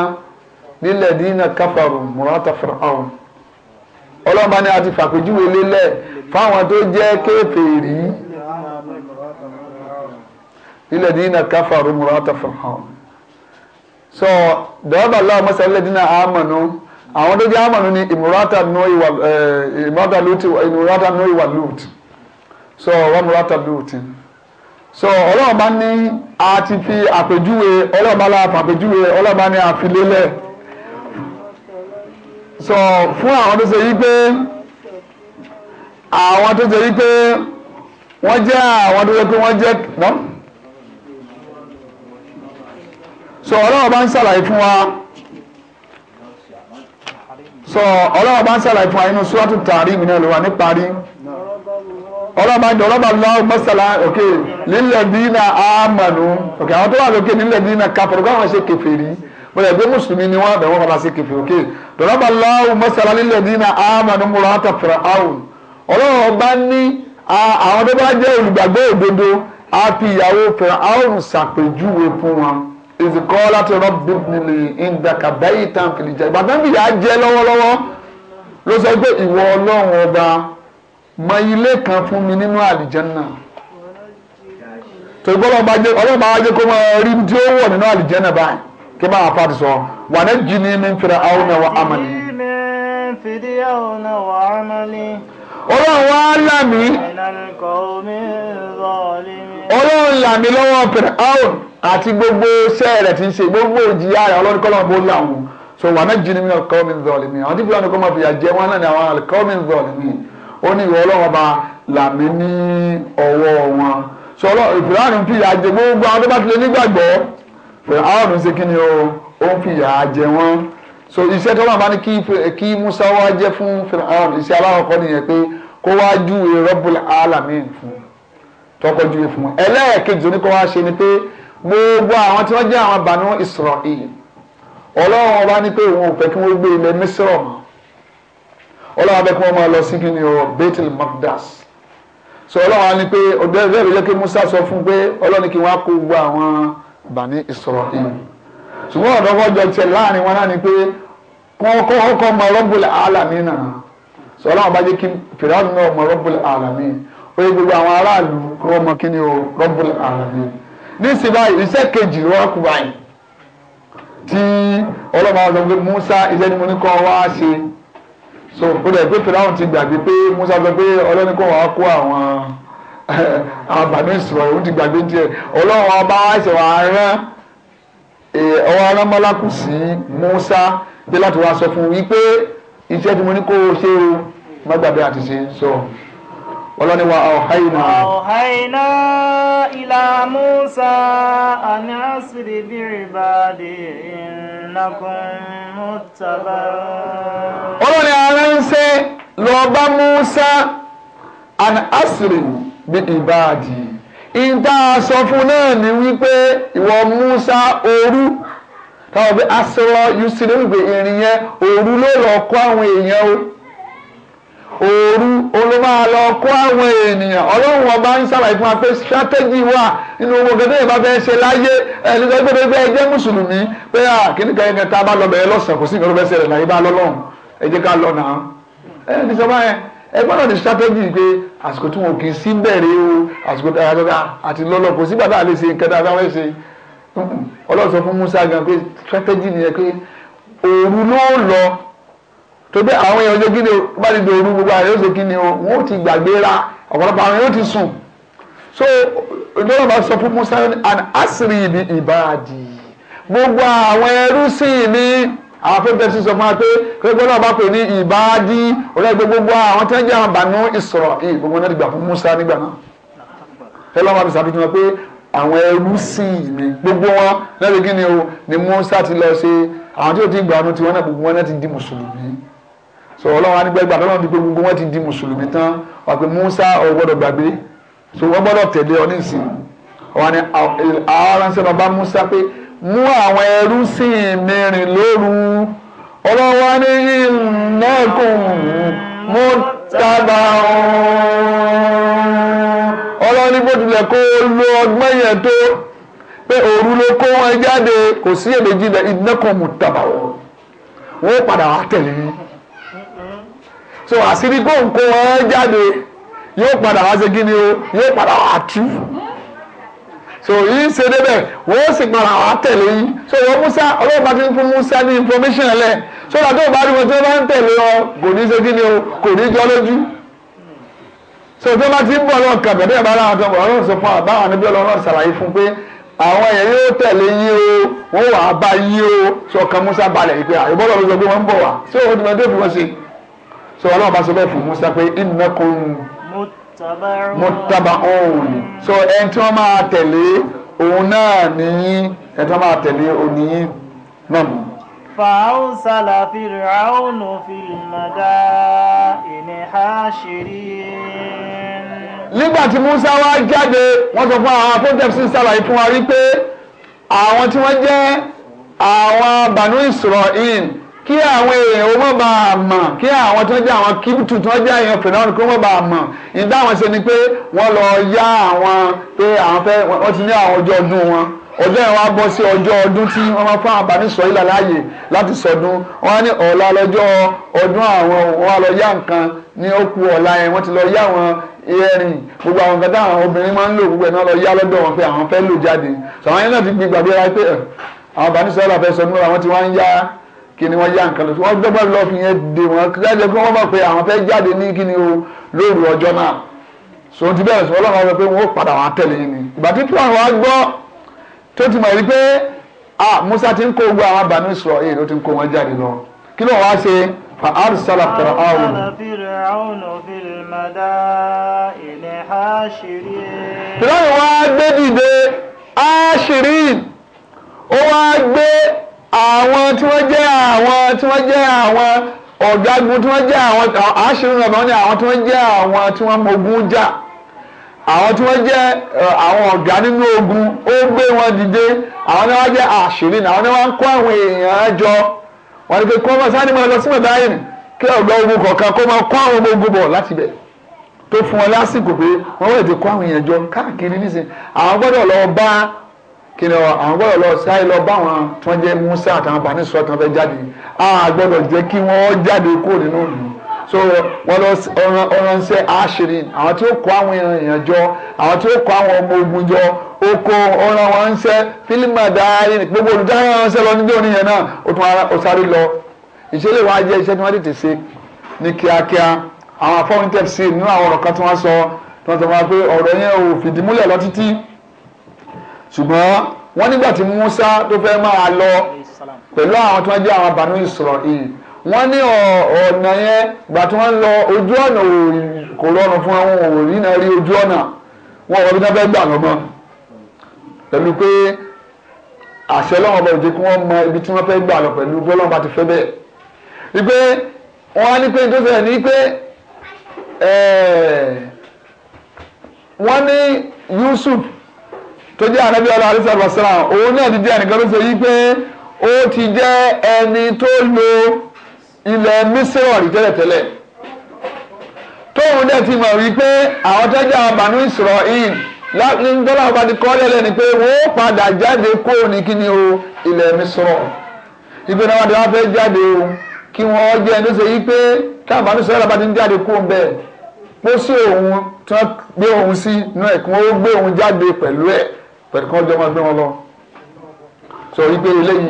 lílẹ̀dínà káfàrún mùrátà fìràhùn ọlọ́ba ni a ti fàpèjúwe lélẹ̀ fáwọn tó jẹ́ kéfèèrí lílẹ̀dínà káfàrún mùrátà fìràhùn so dọ́ọ̀bà lọ́wọ́ mọ́sálẹ́ dínà àmọ̀nù àwọn tó jẹ́ àmọ̀nù ni ìmúratà nù ìwà ìmúratà eh, lùtì ìmúratà nù ìwà lùtì so wọ́n múratà lùtì so ọlọ́run bá ní a ti fi àpèjúwe ọlọ́run bá la àpèjúwe ọlọ́run bá ní àfilélẹ̀ so fún àwọn tó ṣe yí pé àwọn tó ṣe yí pé wọ́n jẹ́ àwọn tó ṣe pé wọ́n jẹ́ náà. so ọlọ́wọ́ bá ń ṣàlàyé fún wa so ọlọ́wọ́ bá ń ṣàlàyé fún wa inú súwátù tààrí mi náà ló wà níparí ọlọ́ba ní ọlọ́ba lọ́wọ́ mọ́sálà òkè lílẹ̀ dínà àmàlù òkè àwọn tó wà lókè nílẹ̀ dínà kápẹ̀rù káwọn ṣe kèfèrí wọ́n ẹgbẹ́ mùsùlùmí ni wọ́n bẹ̀ wọ́n padà sí kèfèrí òkè ọlọ́ba lọ́wọ́ mọ́sálà lílẹ̀ dínà àmàlù múra àtà fẹ̀rẹ̀ àwọn ọlọ́ba ní àwọn tó bá jẹ́ olùgbàgbọ́ òdodo á fi ìyàwó fẹ̀rẹ̀ àwọn ṣàpèjúwe fún wọn ìsìnkọ́ láti rọ́bù nílì ìdàkà báyìí tán kìlì jẹ́ ìgbà tán bìyà jẹ́ lọ́wọ́lọ́wọ́ ló sọ pé ìwọ ọlọ́run ọba mọ ilé kan fún mi nínú àlìjẹ́nà tó gbọ́dọ̀ bá jẹ́ ọlọ́run bá jẹ́ kó mọ rí tí ó wọ̀ nínú àlìjẹ́nà báyìí kí bá àfa ti sọ wà ní jí ní mi fìrà àwọn ẹwà amàlì. ọlọ́run wá là mí ọlọ́run là mí lọ́wọ́ fìrà àwọn àti gbogbo iṣẹ́ rẹ̀ ti ṣe gbogbo ìjìyà rẹ̀ ọlọ́run kọ́ lọ́wọ́ bó láwọn so wà náà jìnnì mi ọkọ mi zọlì mi àwọn tí bílọ̀ ní kó máa fìyà jẹ wọn náà ni àwọn ọkọ mi zọlì mi ó ní ìwọ ọlọ́run ọba làmí ní ọwọ́ wọn so ọlọ́run ìfìlànà fìyà jẹ gbogbo àwọn tó bá tilẹ̀ nígbàgbọ́ àwọn ọ̀sẹ̀ kí ni o ó ń fìyà jẹ wọn so iṣẹ́ tó máa bá ní kí Musa wá jẹ́ fún Fir'aun iṣẹ́ aláwọ̀kọ́ nìyẹn pé kó wá júwe Rabbul Alamin fún tọkọ júwe gbogbo àwọn tí wọ́n jẹ́ àwọn Banu Israeli ọlọ́run ọba ní pé òun ò fẹ́ kí wọ́n gbé ilẹ̀ mísírọ̀ mọ́ ọlọ́run abẹ́ wọ́n máa lọ sí kí ni ọ Bethel Magdas so ọlọ́run á ní pé ọdún ẹgbẹ́ ìrẹ́lẹ́ kí Musa sọ fún pé ọlọ́run ní kí wọ́n á kó gbogbo àwọn Banu Israeli ṣùgbọ́n ọ̀dọ́ wọ́n jọ tiẹ̀ láàrin wọn náà ni pé wọ́n kọ́ ọkọ̀ ọmọ Rabbul Alamin náà so ọlọ́run bá jẹ́ kí Fìràwọ̀n náà Alamin ó yẹ gbogbo àwọn aráàlú kọ́ ọmọ kí Alamin nísìnyí báyìí iṣẹ́ kejì ló wá kú báyìí tí ọlọ́mọ àwọn ọ̀dọ́ Musa iṣẹ́ mo ní kọ́ wá ṣe so ó dẹ̀ pé Fìlàwọ̀n ti gbàgbé pé Musa sọ pé ọlọ́ni kọ́ wá kó àwọn àbàmì ìṣòro òun ti gbàgbé díẹ̀ ọlọ́run ọba ẹ̀ṣẹ̀ wà á rán ọwọ́ e, arámọ́lákù sí Musa pé láti wá sọ fún wípé iṣẹ́ tí mo ní kó ṣe o má àti ṣe sọ. So, ọlọ́ni wa ọ̀háìnà. ọ̀háìnà ilà musa àní àṣírí bí ìbàdí ìnákun mọ́tàbà. ọlọ́ni aránṣẹ́ lọ bá musa àní àṣírí bí ìbàdí. ìta sọ fún náà ni wípé ìwọ musa òru táwọn bí aṣọ yusuf lórí yẹn òru ló lọ kó àwọn òru olóma lọ kó àwọn ènìyàn ọlọ́run ọba ń ṣàlàyé fún wa pé strategy wà nínú owó gẹ́gẹ́ ìbá fẹ́ ṣe láyé ẹni tó gbé pé ẹ jẹ́ mùsùlùmí pé à kíní kan yẹn tá a bá lọ bẹ̀rẹ̀ lọ́sàn-án kò sí ìgbàlódé ṣẹlẹ̀ láyé bá lọ́lọ́run ẹ jẹ́ ká lọ náà ẹ ní sọ báyẹn ẹ gbọ́dọ̀ ní strategy pé àsìkò tí wọn kì í sí bẹ̀rẹ̀ o àsìkò tí a àti lọ́lọ́ kò sígbà tá a lè ṣe a fẹ́ ṣe ọlọ́run sọ tó dé àwọn èèyàn ojú kíni o bá ti dòru gbogbo àrẹ oṣù kíni o wọn ò ti gbàgbé ra ọ̀pọ̀lọpọ̀ àwọn èèyàn ti sùn so lọ́wọ́ bá sọ fún Musa and asiri ibi ìbáàdì gbogbo àwọn ẹrú sí mi àwọn pépè sì sọ fún wa pé gbogbo náà bá pè ní ìbáàdì ọlọ́gbẹ́ gbogbo àwọn tí wọ́n jẹ́ àwọn bànú ìsọ̀rọ̀ gbogbo náà ti gbà fún Musa nígbà náà ẹ lọ́wọ́ bá sàbí àwọn ẹrú sí mi gbogbo wọn lẹ́yìn kí ni o ni Musa ti lọ ṣe àwọn tí ò ti gbà ọdún tí wọ́n náà gbogbo wọn náà ti di mùsùlùmí so ọlọ́run anígbẹ́ gbà tọ́lọ́run ti pé gbogbo wọn ti di mùsùlùmí tán wà pé Musa ò gbọ́dọ̀ gbàgbé so wọ́n gbọ́dọ̀ tẹ̀lé ọ nísìn wọn ni aránṣẹ́ bàbá Musa pé mú àwọn ẹrú sí mẹ́rin lóru ọlọ́wọ́ ní ìnẹ́kùn mú tábà ọlọ́run ní bó tilẹ̀ kó lo ọgbẹ́ yẹn tó pé òru ló kó wọn jáde kò sí èdè jílẹ̀ ìnẹ́kùn mú tábà wọn ó padà wá tẹ̀lé yín so àṣírí kóńkó wọn jáde yóò padà wá ṣe kíni o yóò padà wá tú so yìí ṣe débẹ̀ wọ́n sì padà wá tẹ̀lé yìí so wọ́n Musa ọlọ́run bá ti ń fún Musa ní information ẹlẹ́ so dàtọ́ ìbá rí wọn tí wọ́n bá ń tẹ̀lé ọ kò ní ṣe kíni o kò ní jọ lójú so tí wọ́n bá ti ń bọ̀ lọ́ọ̀kan bẹ̀rẹ̀ bá láwọn tó ń bọ̀ ọlọ́run sọ fún àbá àwọn níbi ọlọ́run ṣàlàyé fún pé àwọn èèyàn yóò tẹ̀lé yín o wọ́n wàá bá yín o sọ̀kan Musa balẹ̀ ìpè àyùbọ́lọ́ ló sọ pé wọ́n ń bọ̀ wá so òun ti lọ dé òfin wọn ṣe so ọlọ́run bá sọ bẹ́ẹ̀ fún Musa pé innakum muttaba'un so ẹni tí wọ́n máa tẹ̀lé òun náà nìyí ẹni tí wọ́n máa tẹ̀lé òun nìyí náà mú. فأرسل فرعون في المدائن حاشرين nígbà tí Musa wá jáde wọ́n sọ fún àwọn apotepsi ṣàlàyé fún wa rí pé àwọn tí wọ́n jẹ́ àwọn Banu Israel kí àwọn èèyàn ó mọ̀ bá a mọ̀ kí àwọn tó ń jẹ́ àwọn kíbùtù tó ń jẹ́ èèyàn fìràn kí wọ́n bá a mọ̀ ìdá àwọn ṣe ni pé wọ́n lọ yá àwọn pé àwọn fẹ́ wọ́n ti ní àwọn ọjọ́ ọdún wọn ọjọ́ yẹn wá bọ́ sí ọjọ́ ọdún tí wọ́n máa fún àbáni sọ ìlà láàyè láti sọdún wọ́n á ní ọ̀la lọ́jọ́ ọdún àwọn wọ́n á lọ yá nǹkan ní òkú ọ̀la yẹn wọ́n ti lọ yá àwọn earring gbogbo àwọn nǹkan táwọn obìnrin máa ń lò gbogbo ẹ̀ náà lọ yá lọ́dọ̀ wọn pé àwọn fẹ́ lò jáde sọ àwọn yẹn náà ti gbàgbé ra pé àwọn àbáni sọ ìlà fẹ́ sọdún lọ́la wọ́n ti wá ń yá kí ni wọ́n yá nǹkan lọ sí wọ́n dọ́gba lọ fi yẹn dè wọ́n jáde pé wọ́n mọ̀ pé àwọn fẹ́ jáde ní kí ni o lóru ọjọ́ náà so ti bẹ́ẹ̀ sọ ọlọ́run ọ̀rọ̀ pé wọ́n ó padà wọn tẹ̀lé yín ni ìgbà tí tíwọ́n wá gbọ́ tó ti mọ̀ rí pé ah Musa ti ń kó gbogbo àwọn Banu Israel ló ti ń kó wọn jáde lọ kí ló wá ṣe فأرسل فرعون في المدائن حاشرين فرعون wá gbé dìde áṣírín ó wá gbé àwọn tí wọ́n jẹ́ àwọn tí wọ́n jẹ́ àwọn ọ̀gágun tí wọ́n jẹ́ àwọn àṣírí ọ̀bọ̀n ní àwọn tí wọ́n jẹ́ àwọn tí wọ́n mogun jà àwọn tí wọ́n jẹ́ àwọn ọ̀gá nínú ogun ó gbé wọn dìde àwọn ni wọ́n jẹ́ àṣírí àwọn ni wọ́n tó fún wọn lásìkò pé ti kó àwọn èèyàn jọ kí ni àwọn gbọ́dọ̀ lọ sáré lọ bá àwọn tí wọ́n jẹ́ Musa àtàwọn bàánì sọ tí wọ́n fẹ́ jáde a gbọ́dọ̀ jẹ́ kí wọ́n jáde kúrò nínú ìlú so wọ́n lọ ọ̀ránṣẹ́ àṣírí àwọn tí ó kó àwọn èèyàn jọ àwọn tí ó kó àwọn ọmọ ogun jọ ó kó ọ̀ràn wọn ṣẹ́ fílímù àdáyé gbogbo olùdarí wọn ṣẹ́ lọ níbi oníyẹn náà ó tún ara ó sáré lọ ìṣẹ̀lẹ̀ wa jẹ́ iṣẹ́ tí wọ́n tètè ṣe ní kíákíá àwọn afọ́nitẹ́fì sí nínú àwọn ọ̀rọ̀ kan tí wọ́n sọ tí wọ́n sọ wọn pé ọ̀rọ̀ yẹn ò fìdí múlẹ̀ lọ títí ṣùgbọ́n wọ́n nígbà tí Musa tó fẹ́ máa lọ pẹ̀lú àwọn tó ń jẹ́ àwọn Banu Israel wọ́n ní ọ̀nà yẹn gbà tí wọ́n lọ ojú ọ̀nà kò rọrùn fún àwọn òòrì náà rí ojú ọ̀nà wọn ò rí náà fẹ́ gbà lọ́gbọ́n pẹ̀lú pé àṣẹ lọ́wọ́ bẹ̀rẹ̀ jẹ́ kí wọ́n mọ ibi tí wọ́n fẹ́ gbà lọ pẹ̀lú bọ́lọ́n bá ti fẹ́ bẹ́ẹ̀ wípé wọ́n á ní pé tó fẹ́ ní pé wọ́n ní Yusuf tó jẹ́ ànábì ọlọ́run alẹ́sàlù wasalam òun náà ti jẹ́ ẹnìkan tó sọ yí pé ó ti jẹ́ ẹni tó lo ilẹ̀ mísírọ̀rì tẹ́lẹ̀tẹ́lẹ̀ tóun dẹ̀ ti mọ̀ wípé àwọn tẹ́jà àbànú ìsọ̀rọ̀ in nítorí àwọn àti kọ́ lẹ́lẹ́ ni pé wọ́n padà jáde kó ní kí ni o ilẹ̀ mísírọ̀ ìgbé náà wọ́n ti wọ́n fẹ́ jáde o kí wọ́n jẹ́ ẹni tó ṣe yí pé káàbánú sọ̀rọ̀ àbá ti ń jáde kó bẹ́ẹ̀ pósí òun tí wọ́n gbé òun sí inú ẹ̀ kí wọ́n gbé òun jáde pẹ̀lú ẹ̀ pẹ̀lú kí wọ́n jọ máa gbé wọn lọ sọ wípé eléyìí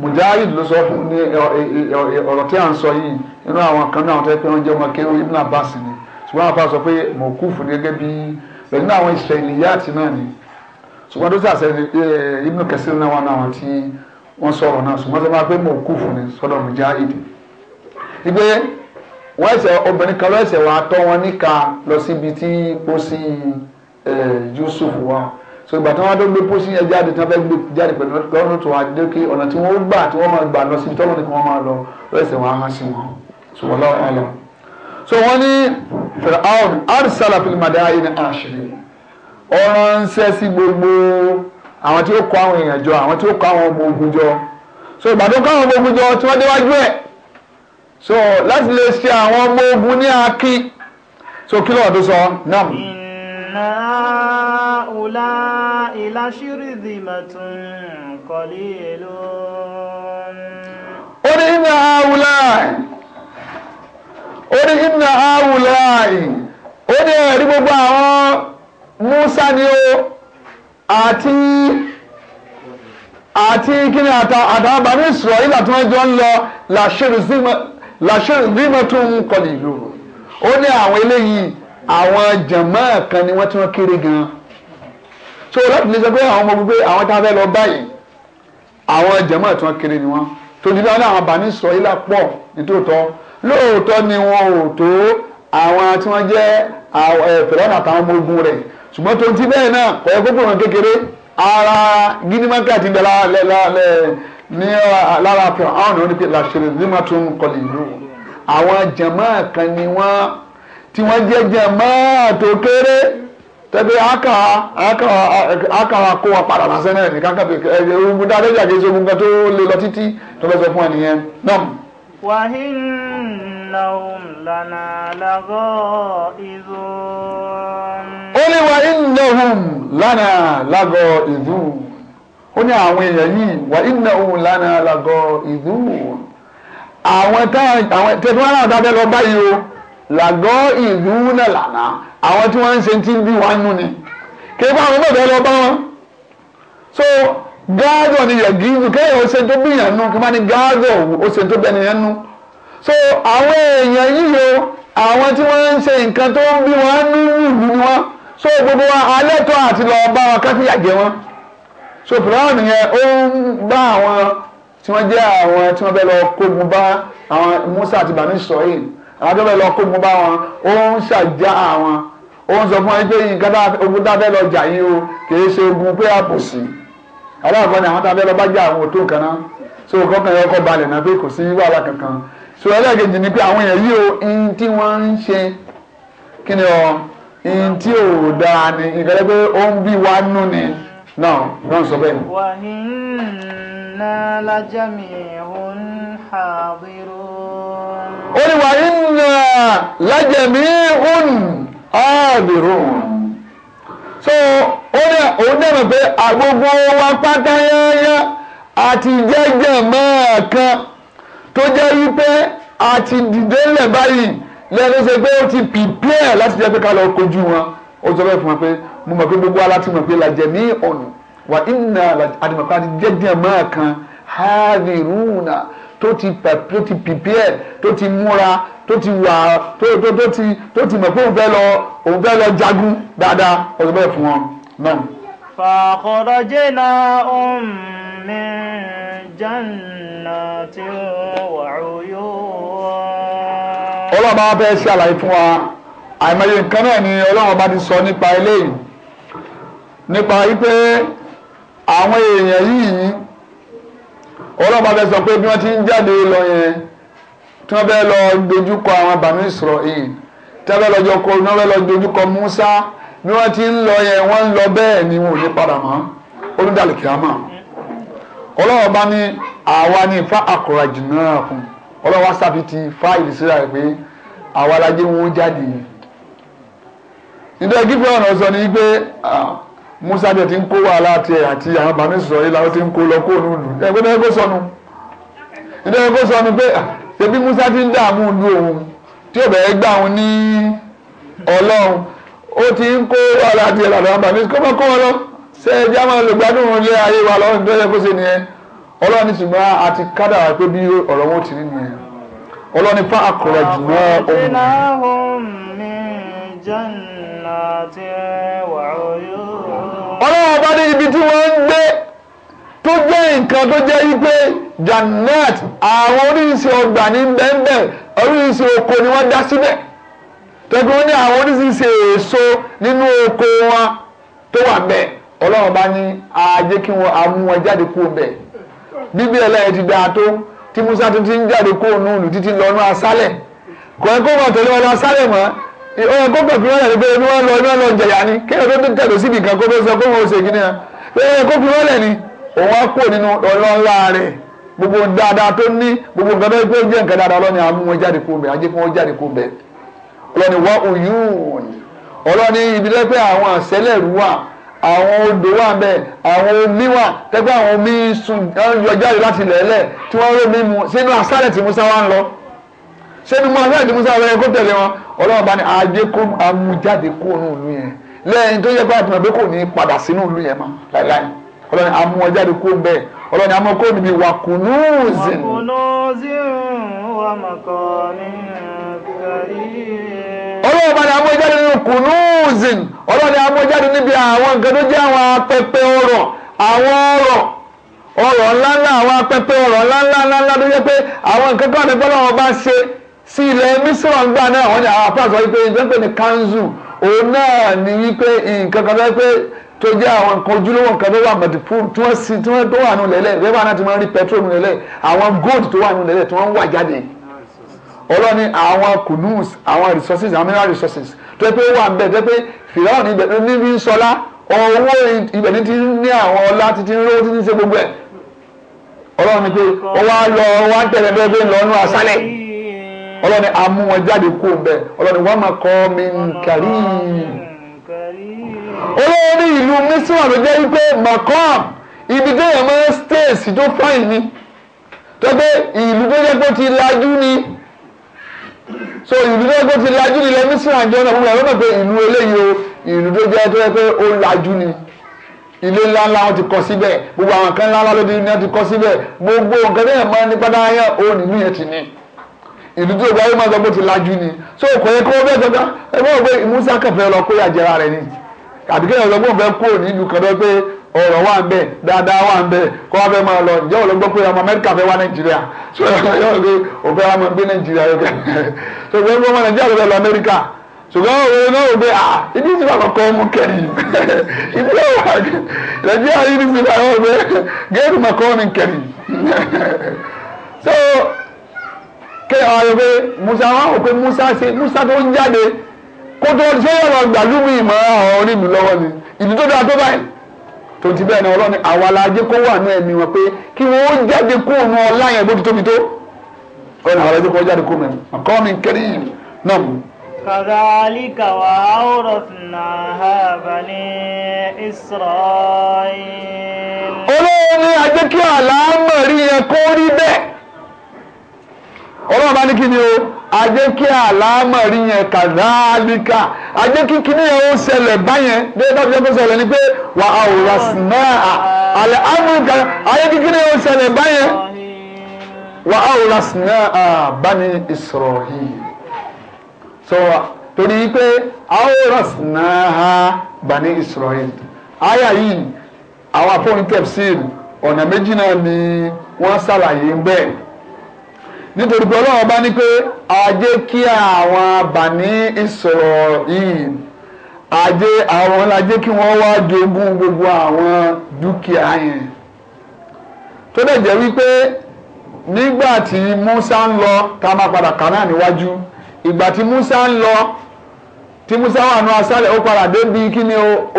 mujahid ló sọ fún ní ọ̀rọ̀ tí à ń sọ yìí inú àwọn kan náà tẹ́ pé wọ́n jẹ́ ọmọ kéwọ́n ibn abbas ni ṣùgbọ́n àfa sọ pé mọ̀kúfù gẹ́gẹ́ bí pẹ̀lú àwọn ìṣẹ̀lìyàtì náà ni ṣùgbọ́n tó sàṣẹ ibn kẹsìrì náà wà náà wọn tí wọ́n sọ̀rọ̀ náà ṣùgbọ́n tó máa pé mọ̀kúfù ni sọ́dọ̀ mujahid ìgbé wọ́n ẹ̀sẹ̀ obìnrin kan lọ́ẹ̀sẹ̀ wà á tọ́ wọn níka lọ síbi tí pósí Yusuf wà so ìgbà tí wọ́n tó gbé pósí yẹn jáde tí wọ́n fẹ́ gbé jáde pẹ̀lú lọ́dún tó wà dé kí ọ̀nà tí wọ́n gbà tí wọ́n máa gbà lọ síbi tọ́lọ́ ni kí wọ́n máa lọ lọ́sẹ̀ wọn á hàn sí wọn so wọ́n lọ́wọ́ lọ. so wọ́n ní Fir'aun arsala fil madaini ashirin ọ̀rọ̀ ń ṣẹ́ sí gbogbo àwọn tí ó kọ àwọn èèyàn jọ àwọn tí ó kọ àwọn ọmọ ogun jọ so ìgbà tó kọ àwọn ọmọ ogun jọ tí wọ́n déwájú ẹ̀ so láti lè ṣe àwọn ọmọ ogun ní akin so kí lóò sọ náà. هؤلاء لشرذمة قليلون قل إن هؤلاء قل إن هؤلاء ó ní ẹ̀rí gbogbo àwọn Musa ni ó àti àti kíni àtàwọn bàbá Israẹli tí wọ́n jọ ń lọ làṣírí zimọ̀ tó ń kọlì ìlú ó ní àwọn eléyìí àwọn jàmáà kan ni wọ́n tí wọ́n kéré gan so láti lè sọ pé àwọn ọmọ gbogbo àwọn tá a fẹ́ lọ báyìí àwọn jàmáà tí wọ́n kéré ni wọ́n torí náà ní àwọn bàní sọ ilà pọ̀ nítòótọ́ lóòótọ́ ni wọn ò tó àwọn tí wọ́n jẹ́ fẹ̀rẹ́nà àtàwọn ọmọ ogun rẹ̀ ṣùgbọ́n tó ti bẹ́ẹ̀ náà kọ̀ọ́ gbogbo wọn kékeré ara gínímọ́kà ti bẹ̀ ní lára fìhàn àwọn ọ̀nà ní pé làṣẹ̀rẹ̀ nímọ̀ tó ń kọlì ìlú àwọn jàmáà kan ni tí wọ́n jẹ́ jàmáà tó kéré tẹ́bí akàwà kó wa padà lásán náà ní kankan fi ẹ̀ ogun dáadé jà kí ogun kan tó lè lọ títí tó fẹ́ sọ fún ẹ náà. wàhíì innahum lana laghaizun. ó ní wa innahum lana laghaizun ó ní àwọn èèyàn yìí wa innahum lana laghaizun àwọn tẹ́tí wọn náà lọ báyìí o làgọ́ ìlú náà lànà àwọn tí wọ́n ń ṣe ti ń bí wọn nú ni kí wọ́n àwọn bẹ̀rẹ̀ lọ bá wọn. so gáàdọ̀ ni yẹ̀gí inú kéèyàn ó ṣe tó bí yẹn nú kí wọ́n ní gáàdọ̀ ó ṣe tó bẹ́ẹ̀ yẹn nú. so àwọn èèyàn yìí o àwọn tí wọ́n ń ṣe nǹkan tó ń bí wọn nú ìlú ni wọ́n so gbogbo wa alẹ́ tó àti lọ bá wọn káfíyà jẹ wọn. so fìlànà yẹn ó ń bá àwọn tí wọ́n jẹ́ àwọn tí wọ́n bẹ́ lọ kógun Musa àti bani àwọn tó fẹ́ lọ kó mu bá wọn ó ń ṣàjà àwọn ó ń sọ fún wọn pé nǹkan ogun tá a fẹ́ lọ jà yín o kì ṣe ogun pé àbòsí aláàbọ̀ ni àwọn tá a fẹ́ lọ bá jà àwọn òtó nǹkan náà so kọ́kàn yẹn kọ́ balẹ̀ náà pé kò sí wàhálà kankan so ẹlẹ́ẹ̀kejì ni pé àwọn èèyàn yìí o ihun tí wọ́n ń ṣe kí ni ọ ihun tí ò dáa ni nǹkan pé ó ń bí wa nú ni náà náà sọ bẹ́ẹ̀ ni. wà ní nàá lájàmì ìhùn àbírò ó ní wà nínú lájẹ̀mí òun àbìrún so ó ní òun dẹ̀ mọ̀ pé àgbogbo wa pátá yányá àti jẹ́jẹ̀ máa kan tó jẹ́ wípé àti dìde ńlẹ̀ báyìí lẹ́nu ṣe pé ó ti pìpẹ́ẹ̀ láti jẹ́ pé ká lọ kojú wọn ó sọ bẹ́ẹ̀ fún wa pé mo mọ̀ pé gbogbo aláti mọ̀ pé làjẹ̀mí òun wà nínú àdìmọ̀pá àti jẹ́jẹ̀ máa kan náà tó ti tó ti prepare tó ti múra tó ti wà tó tó tó ti tó ti mọ̀ pé òun fẹ́ lọ òun fẹ́ lọ jagun dáadáa ọ̀sẹ̀ bẹ́ẹ̀ fún wọn náà. فأخرجناهم من جنات وعيون ọlọ́run bá bẹ́ẹ̀ sí àlàyé fún wa àìmọye nǹkan náà ni ọlọ́run bá ti sọ nípa eléyìí nípa wípé àwọn èèyàn yìí ọlọ́ba fẹ́ sọ pé bí wọ́n ti ń jáde lọ yẹn tí wọ́n fẹ́ lọ dojúkọ àwọn Banu Israel tí wọ́n fẹ́ lọ wọ́n Musa bí wọ́n ti ń lọ yẹn wọ́n lọ bẹ́ẹ̀ ni wọn ò ní padà mọ́ ní àwa ní náà fún sábì ti ìdísíra pé àwa lajẹ́ wọn jáde nítorí Musa dẹ̀ ti ń kó wàhálà tiẹ̀ àti àwọn bàmí sọ̀rọ̀ yìí làwọn ti ń kó lọ kó nù lù ẹ̀ gbẹ́dẹ́ kó sọnù ìdẹ́gbẹ́ kó sọnù pé ah, ṣebí Musa ti ń dààmú lu òun tí ò bẹ̀rẹ̀ gbà òun ní Ọlọ́run ó ti ń kó wàhálà tiẹ̀ làwọn àwọn bàmí kó má kó wọn lọ ṣe é jẹ́ àwọn olùgbàdùn ilé ayé wa lọ́run tó yẹ kó ṣe nìyẹn Ọlọ́run ṣùgbọ́n a ti kádàrá pé bí ọ̀rọ̀ wọn ò ti rí nìyẹn Ọlọ́run fún àkọ̀rọ̀ jùlọ ohun rí ibi tí wọ́n ń gbé tó jẹ́ nǹkan tó jẹ́ wípé jannat àwọn oríṣi ọgbà ní bẹ́ẹ̀bẹ́ oríṣi oko ni wọ́n dá síbẹ̀ tẹ́gbẹ́ wọn ní àwọn oríṣiríṣi èso nínú oko wọn tó wà bẹ́ẹ̀ ọlọ́run bá ní ajé kí wọn amú wọn jáde kúrò bẹ́ẹ̀ bíbí ẹlẹ́yẹ ti dáa tó tí musa tó ń jáde kúrò nù títí lọ́nà asálẹ̀ kò ẹ́ kó wọn tẹ̀lé wọn lọ asálẹ̀ mọ́ ọ̀rọ̀ kókò fi wọ́lẹ̀ pé ẹni wọ́n lọ ẹni wọ́n lọ jẹ̀yà ni kéèyàn tó tẹ̀dọ̀ síbi kan kó tó sọ pé wọ́n ṣe kíní ya pé ọ̀rọ̀ kókò fi wọ́lẹ̀ ni òun á kúrò nínú ọlọ́ńlá rẹ̀ gbogbo dáadáa tó ní gbogbo nǹkan tó pé jẹ́ nǹkan dáadáa ọlọ́ni àmú wọn jáde kó bẹ̀ ajé kí wọ́n jáde kó bẹ̀ ọlọ́ni wá òyún ọlọ́ni ibi tẹ́ pé àwọn àṣẹlẹ̀ rú wà àwọn odò wà ń bẹ àwọn omi wà tẹ́gbẹ́ àwọn omi sùn jáde láti lẹ̀ẹ́lẹ̀ tí wọ́n rómi mu sínú àṣálẹ̀ tí Musa wá ń lọ sẹ́ni mú aláìdí musa rẹ̀ kó tẹ̀lé wọn ọlọ́run bá ní ajé kó amújáde kó nù ìlú yẹn lẹ́yìn tó yẹ kó àtúnà pé kò ní padà sínú ìlú yẹn mọ́ láíláí ọlọ́run amú wọn jáde kó bẹ́ẹ̀ ọlọ́run amú kó níbi wàkùnúùzìn. ọlọ́run bá ní amú jáde nínú kùnúùzìn ọlọ́run amú jáde níbi àwọn nǹkan tó jẹ́ àwọn apẹpẹ ọrọ̀ àwọn ọrọ̀ ọrọ̀ ńláńlá àwọn apẹpẹ ọrọ̀ ńláńlá ńláńlá tó yẹ pé àwọn nǹkan tó àdébọ́lọ́wọ́ sí ilẹ̀ mísírọ̀ ń gbà náà wọ́n ní àwọn afáàsọ wípé ìjọba ní kanzu òun náà ní wípé nǹkan kan fẹ́ pé tó jẹ́ àwọn nǹkan ojúlówó nǹkan tó wà mọ̀dìfún tí wọ́n sí tí wọ́n tó wà nù lẹ́lẹ̀ bẹ́ẹ̀ bá náà ti máa ń rí petrol nù lẹ́lẹ̀ àwọn gold tó wà nù lẹ́lẹ̀ tí wọ́n ń wà jáde ọlọ́ni àwọn kùnúùs àwọn resources àwọn mineral resources tó pé wà ń bẹ̀ tó pé fìlà ní ibẹ̀ níbi ń sọlá owó ibẹ̀ ní ti ní àwọn ọlá títí ń rówó títí ń ṣe gbogbo ẹ̀ ọlọ́run ni pé ó wá lọ wá ń tẹ̀lé bẹ́ẹ̀ bẹ́ẹ̀ lọ́nu àṣálẹ̀ ọlọ́ni amú wọn jáde kó ń bẹ ọlọ́ni wọ́n máa kọ́ mi nkàrí. olórí ìlú mísírà ló jẹ́ wípé macron ibi tó yẹ mọ́ stéèsì tó fáyìn ni tó pé ìlú tó yẹ kó ti lajú ni so ìlú tó yẹ kó ti lajú ni lẹ mísírà jọ náà fún mi àwọn náà pé ìlú eléyìí o ìlú tó jẹ́ tó yẹ pé ó lajú ni ilé ńlá ńlá wọn ti kọ síbẹ̀ gbogbo àwọn kan ńlá ńlá ló ti kọ síbẹ̀ gbogbo nǹkan náà máa ní pátá yẹn ó nínú yẹn ti ní ìlú tí gbogbo ayé máa sọ pé ti lajú ni so kò yẹ kó o bẹ́ẹ̀ sọ́kà ẹ bá wọ pé Musa kẹfẹ́ lọ kó yà jẹra rẹ ni àbí kéèyàn sọ pé òun fẹ́ kúrò ní ìlú kan tó pé ọ̀rọ̀ wà ń bẹ̀ dáadáa wà ń bẹ̀ kó wá fẹ́ máa lọ ǹjẹ́ ò ló pé ọmọ Amẹ́ríkà fẹ́ wá Nàìjíríà so yọ pé òun fẹ́ wá máa gbé Nàìjíríà yọ kẹ́ so pé ọmọ Nàìjíríà ló fẹ́ lọ Amẹ́ríkà ṣùgbọ́n òun náà wò pé ah ibi tí wàá kọ́ ọmọ kẹ́yìn so kí ẹ wá rẹ pé Musa wá wò pé Musa ṣe Musa tó ń jáde kó tó ṣé ọ̀rọ̀ gbàlúmi ìmọ̀ ọ̀rọ̀ orí mi lọ́wọ́ ni ìdí tó dáa tó báyìí tó ti bẹ́ẹ̀ ni ọlọ́ni àwa la jẹ́ kó wà ní ẹ̀mí wọn pé kí wọ́n jáde kó nu ọlá yẹn bó ti tóbi tó ọ̀nà àwọn ẹ̀jẹ̀ kó jáde kó mẹ́rin àkọ́ mi kẹ́rì náà mú. kàdálíkà wà á rọ̀ fìlà bani Israel. olóòní ajé kí àlámọ̀rí yẹn kó rí bẹ́ẹ̀. ọlọ́run bá ní kí o ajé kí àlámọ̀rí yẹn kàdáàlíkà ajé kí kíní yẹn ó ṣẹlẹ̀ báyẹn bí ẹgbẹ́ ṣẹlẹ̀ ni pé wà á ò rà sí náà àlẹ́ áfíríkà ajé kí yẹn ó ṣẹlẹ̀ báyẹn wà á ò sí náà bani so torí pé a ó ha sí náà bani Israeli àyà yìí àwọn àpò ní tẹ̀síìlì ọ̀nà méjì náà ni wọ́n ṣàlàyé nítorí pé ọlọ́run bá ní pé ajé kí àwọn abàní ìsọ̀rọ̀ yìí ajé àwọn lajé kí wọ́n wá jogún gbogbo àwọn dúkìá yẹn tó dẹ̀ jẹ́ wípé nígbà tí Musa ń lọ ká máa padà kà náà níwájú ìgbà tí Musa ń lọ tí Musa wà nù asálẹ̀ ó padà débi kí ni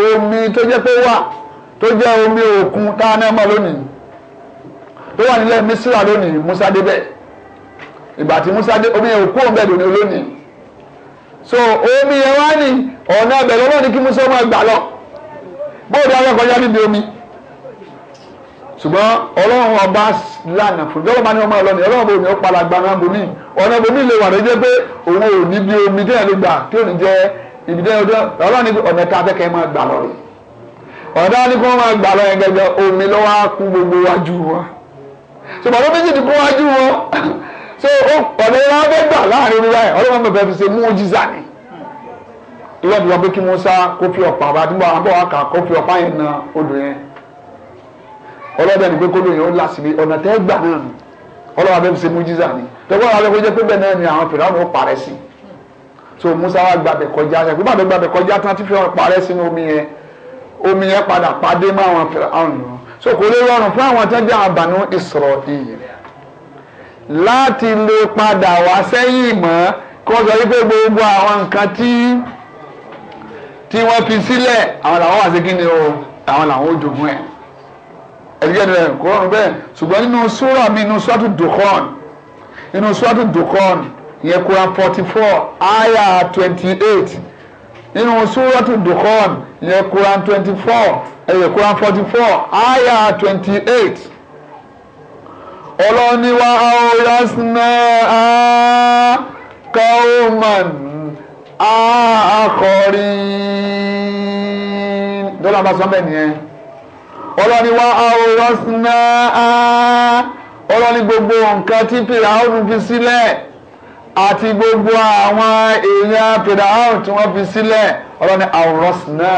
omi tó jẹ́ pé wà tó jẹ́ omi òkun tá a náà lónìí tó wà nílẹ̀ Misra lónìí Musa débẹ̀ ìgbà tí Musa dé omi yẹn ò òun bẹ́ẹ̀ lónìí olónìí so omi yẹn wá ní ọ̀nà ẹ̀bẹ̀ lọ́wọ́ ní kí Musa máa gbà lọ bóòdù alákọ̀ọ́yá níbi omi ṣùgbọ́n ọlọ́run ọba lànà fún ìjọba máa ní ọmọ ọlọ́ni ọlọ́run bòmí ó padà gba náà bòmí ọ̀nà bòmí lè wà lójú pé òun ò ní bí omi tí ẹ̀rọ gbà tí ò ní jẹ ibi tí ẹ̀rọ ọlọ́run ọ̀nà tá so ọ̀dọ̀ yẹn wọn fẹ́ gbà láàrin orí báyìí ọlọ́run bẹ̀bẹ̀ fi ṣe mújísà ni ìwọ́n ti wọ́n kí Musa kó fi ọ̀pá bá àdúgbò àbọ̀ àkà kó fi yẹn na odò yẹn ọlọ́dẹ ni pé kó ó là síbi ọ̀nà tẹ́ gbà náà ni ọlọ́run bẹ̀bẹ̀ fi ṣe mújísà ni tẹ́gbọ́n àwọn akẹ́kọ̀ọ́ jẹ́ pé bẹ́ẹ̀ náà ni àwọn fìlànà ó parẹ́ sí so Musa wa gbàbẹ̀ kọjá ṣe gbọ́dọ̀ gbàbẹ̀ kọjá tán ti fi ọ̀rọ̀ parẹ́ sínú omi yẹn omi yẹn padà padé mọ́ àwọn fìlànà so kò lè rọrùn fún àwọn tẹ́jú àbànú Ísírẹ́lì láti lè padà wá sẹ́yìn mọ́ kí wọ́n sọ wípé gbogbo àwọn nǹkan tí tí wọ́n fi sílẹ̀ àwọn làwọn wà sí kí ni o àwọn làwọn ò jogún ẹ̀ ẹ̀rígẹ́ rẹ̀ kò rọrùn bẹ́ẹ̀ ṣùgbọ́n nínú súrà mi nínú sọ́tù dùkọ́n nínú sọ́tù dùkọ́n yẹn kura forty four aya twenty eight nínú súrọ́tù dùkọ́n yẹn kura twenty four ẹ̀yẹ kura forty four aya twenty eight ọlọ́ni wa a kaoman a akọrin dọ́là bá sọ́n bẹ́ẹ̀ nìyẹn ọlọ́ni wa a ọlọ́ni gbogbo nǹkan tí pèrè àwọn fi sílẹ̀ àti gbogbo àwọn èèyàn pẹ̀dáhùn tí wọ́n fi sílẹ̀ ọlọ́ni àwòrán-sìnà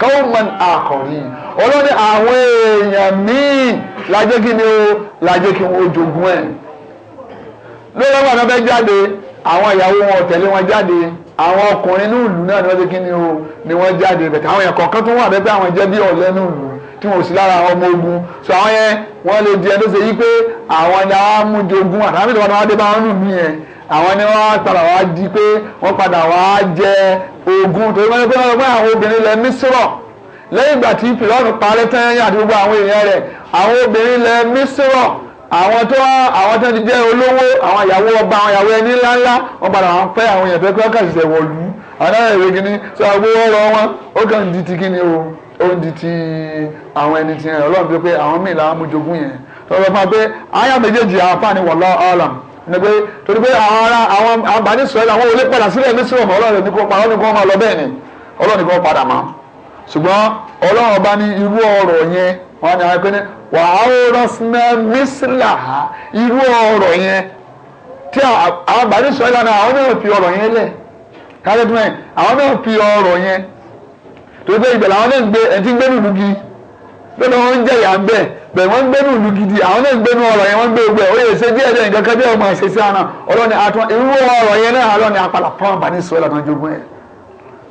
gọ́ọ̀mọ̀n àkọ́rí ọlọ́ni àwọn èèyàn míì lájẹ́ kí ni o lájẹ́ kí wọ́n jogún ẹ̀. lórí ọgbà náà fẹ́ jáde àwọn ìyàwó wọn tẹ̀lé wọn jáde àwọn ọkùnrin ní ìlú náà ni wọ́n ti kí ni o ni wọ́n jáde bẹ̀tẹ̀ àwọn èèyàn kọ̀ọ̀kan tó wà bẹ́ẹ̀ pé àwọn jẹ́ bí ọ̀lẹ́ ní ìlú tí wọn ò lára àwọn ọmọ ogun so àwọn yẹn wọ́n lè di ẹni tó ṣe yí pé àwọn ni àwọn amújogún àtàwọn mìíràn wọn dé bá wọn nù mí yẹn àwọn ni wọ́n padà wá di pé wọ́n padà wá jẹ ogun torí wọ́n ní pé wọ́n gbé àwọn obìnrin lẹ mísírọ̀ lẹ́yìn ìgbà tí fìlọ́ọ̀nù parẹ́ tẹ́yìn àti gbogbo àwọn èèyàn rẹ̀ àwọn obìnrin lẹ mísírọ̀ àwọn tó àwọn tó ti jẹ́ olówó àwọn ìyàwó ọba àwọn ìyàwó ẹni ńláńlá wọ́n padà wọ́n fẹ́ àwọn èèyàn fẹ́ pé wọ́n kà ṣiṣẹ́ wọ̀lú àwọn ẹ̀rọ kìíní sọ àgbówó ọ̀rọ̀ wọn ó kàn di ti kíni o ó di ti àwọn ẹni ti rẹ̀ ọlọ́run tó pé àwọn míì làwọn mú jogún yẹn tọ́lọ́ fún wa pé àyà méjèèjì àǹfààní wọ̀lọ́ ọ̀làmù ni pé torí pé àwọn ará àwọn àbáni sọ̀rọ̀ àwọn olè padà sílẹ̀ ní sọ̀rọ̀ ọlọ́run ní kò pa ọlọ́run kò máa lọ bẹ́ẹ̀ ni ọlọ́run ní kò padà mọ́ ṣùgbọ́n ọlọ́run ọba ní irú ọ̀rọ̀ yẹn wọ́n á ní àwọn ẹgbẹ́ wà á rọ́ṣínà mísílà irú ọ̀rọ̀ yẹn tí àwọn àbáni sọ̀rọ̀ ìlànà àwọn náà fi ọ̀rọ̀ yẹn lẹ̀ káyọ̀dúnrún àwọn náà fi ọ̀rọ̀ yẹn torí pé ìbẹ̀lẹ̀ àwọn náà ń gbé ẹ̀ lọ́dọ̀ wọn ń jẹ̀yà ń bẹ̀ bẹ̀rẹ̀ wọ́n ń gbẹ́nu ìlú gidi àwọn náà ń gbẹ́nu ọ̀rọ̀ yẹn wọ́n ń gbé gbẹ́ oyè ṣe díẹ̀ díẹ̀ nǹkan kan díẹ̀ ọmọ ṣe sí àná ọlọ́ni àtún irú ọ̀rọ̀ yẹn náà ọlọ́ni apàlà fún àbáni sọ ẹ̀lọ́dún jogún ẹ̀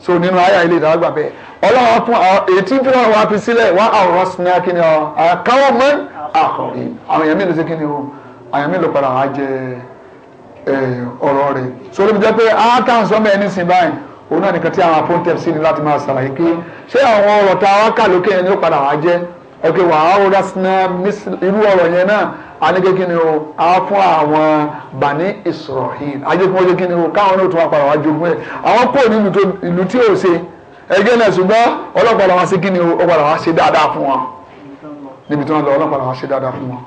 so nínú ayé ilé ìdàgbà bẹ́ẹ̀ ọlọ́wọ́ fún ètí tí wọ́n wá fi sílẹ̀ wá àwòrán sinmi akíní ọ àkáwọ́ mọ́ àkọ́rin àwọn èèyàn mélòó ṣe o àyàn mélòó padà wá jẹ ọ̀rọ̀ rẹ̀ so olóbi jẹ́ òun náà nìkan tí àwọn afọ́ntẹ́f sí ni láti máa ṣàlàyé pé ṣé àwọn ọ̀rọ̀ tá a wá kà lókè yẹn ni ó padà wá jẹ́ ok wà á rọra sinna irú ọ̀rọ̀ yẹn náà a ní kékin ni o a fún àwọn bani Israel a jẹ́ kí wọ́n jẹ́ kí ni o káwọn náà tún wá padà wá jogún ẹ̀ àwọn kò ní ìlú tí ò ṣe ẹgbẹ́ náà ṣùgbọ́n ọlọ́pàá làwọn ṣe kí o ó padà wá ṣe dáadáa fún wọn níbi tí wọ́n lọ ọlọ́pàá làwọn ṣe dáadáa fún wọn.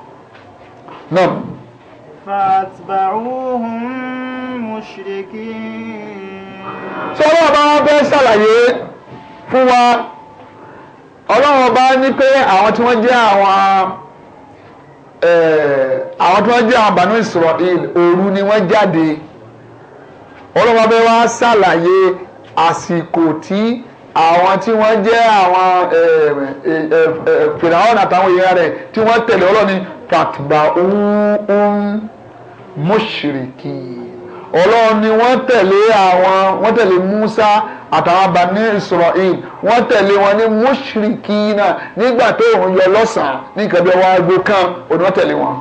náà. fàtbàrúhùn sọ́wọ́ bá wọ́n fẹ́ ṣàlàyé fún wa ọlọ́run ọba ní pé àwọn tí wọ́n jẹ́ àwọn eh, àwọn tí wọ́n jẹ́ àwọn Banu Israel òru ni wọ́n jáde ọlọ́run ọba wa ṣàlàyé àsìkò tí àwọn tí wọ́n jẹ́ àwọn eh, eh, fìràwọ́n àtàwọn èèyàn rẹ̀ tí wọ́n tẹ̀lé ọlọ́ni fatba'uhum mushriki ọlọ́run ni wọ́n tẹ̀lé àwọn wọ́n tẹ̀lé Musa àtàwọn Bani Israel wọ́n tẹ̀lé wọn ní mushrikina nígbà tó òun yọ lọ́sàn-án ní nǹkan bí ọwọ́ aago kan òun wọ́n tẹ̀lé wọn.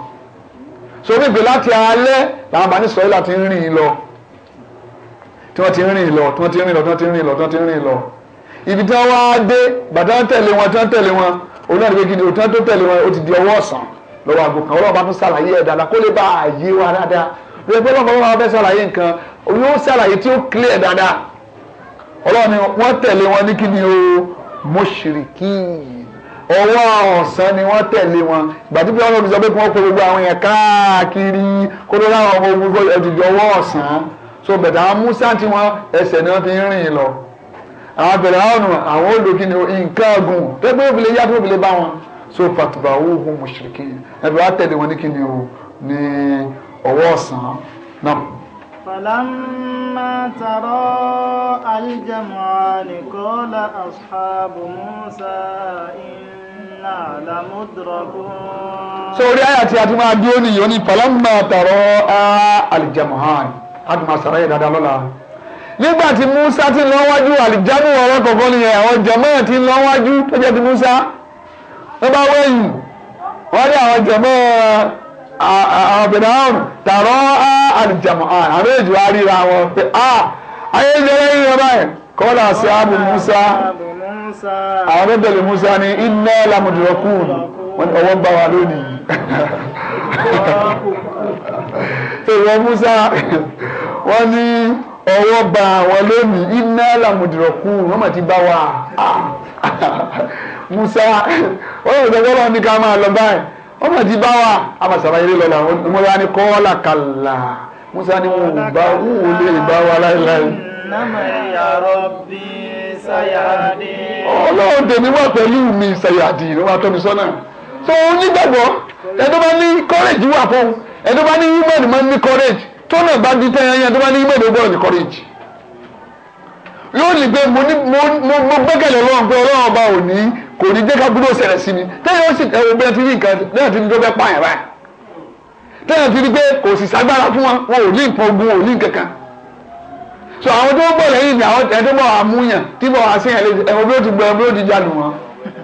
so wípé láti alẹ́ làwọn Bani Israel ti ń rìn lọ tí wọ́n ti ń rìn lọ tí wọ́n ti ń rìn lọ tí wọ́n ti ń rìn lọ tí wọ́n ti ń rìn lọ. ibi tí wọ́n á dé bàtà ń tẹ̀lé wọn tí wọ́n tẹ̀lé wọn òun náà ní pé òun tó tẹ̀lé wọn ó ti di ọwọ́ ọ̀sán lọ́wọ́ aago kan ọlọ́run bá tún ṣàlàyé ẹ̀dá kó lè bá àyè wa dáadáa bẹ́ẹ̀ bọ́lá bọ́lá wọn fẹ́ ṣàlàyé nǹkan yóò ṣàlàyé tí ó clear dáadáa ọlọ́run ni wọ́n tẹ̀lé wọn ní kíni o mọ́ṣíríkì ọwọ́ ọ̀sán ni wọ́n tẹ̀lé wọn ìgbà tí bíọ́lọ́ mi sọ pé kí wọ́n kó gbogbo àwọn yẹn káàkiri kó ló láwọn ọmọ gbogbo ẹ̀dùjọ ọwọ́ ọ̀sán so bẹ̀tẹ̀ àwọn musa tí wọ́n ẹsẹ̀ ni wọ́n fi ń rìn lọ àwọn abẹ̀rẹ̀ àwọn ọ̀nà àwọn olùkí ni nǹkan ọ̀gùn pẹ́pẹ́ òfìlẹ̀ yá tó òfìlẹ̀ bá wọn so fatubawo ohun mọ̀ṣíríkì ẹ̀bẹ̀ wá tẹ̀lé wọn ní kíni o ní ọwọ́ ọ̀sán náà. Fàlámà tàrọ aljam'ani qala ashabu Musa inna lamudrakun. So orí àyà tí a ti máa dúró nìyí ó ní fàlámà tàrọ aljam'ani. A tún máa sàrẹ́yẹ̀ dáadáa lọ́la nígbà tí Musa ti lọ wájú àlìjánu ọ̀rọ̀ kọ̀ọ̀kan nìyẹn àwọn jàmáà ti lọ wájú tó jẹ́ ti Musa wọ́n bá wẹ̀yìn wọ́n ní àwọn jàmáà àbẹ̀dáhùn tààrọ́ àlìjàmọ̀ àwọn èjì wa ríra wọn pé ayélujára yìí rẹ̀ báyìí kọ́lá sí abu musa àwọn bẹ́bẹ̀lì musa ní iná lamudurọ́kùn ọwọ́ ń bá wa lónìí ìwọ musa wọ́n ní ọwọ́ bá wọn lónìí iná lamudurọ́kùn wọ́n mà ti bá wa musa wọ́n yóò sọ fọ́lọ́ ní ká máa lọ báyìí ọmọ ti bá wa amasaba yẹlẹ lọla musa ni kọ́ọ́lá kàlà musa ni wọn ò bá wọn ò lè bá wa láéláé. ọlọ́run tèmi wà pẹ̀lú mi ṣàyàdì ló wà tọ́ mi sọ́nà tó onígbàgbọ́ ẹ̀dọ́ bá ní courage wà fún ẹ̀dọ́ bá ní women máa ń ní courage tó náà bá di tẹ́yẹ̀yẹ́ ẹ̀dọ́ bá ní women ó gbọ́dọ̀ ní courage yóò ní pé mo ní mo mo gbẹ́kẹ̀lé ọlọ́run pé ọlọ́run ọba ò ní kò ní jẹ́ ká gbúdọ̀ ṣẹlẹ̀ sí mi tẹ́lẹ̀ ó sì ẹ̀rọ bí ẹ ti rí nǹkan lẹ́yìn tí ní tó fẹ́ pààyàn tẹ́lẹ̀ ti rí pé kò sì ságbára fún wọn wọn ò ní nǹkan ogun ò ní kankan so àwọn tó ń bọ̀ lẹ́yìn ni àwọn ẹ̀ tó bọ̀ wá múyàn tí bọ̀ wá sí ẹ̀ ẹ̀rọ bí ó ti gbọ́ ẹ̀rọ bí ó ti jánu wọn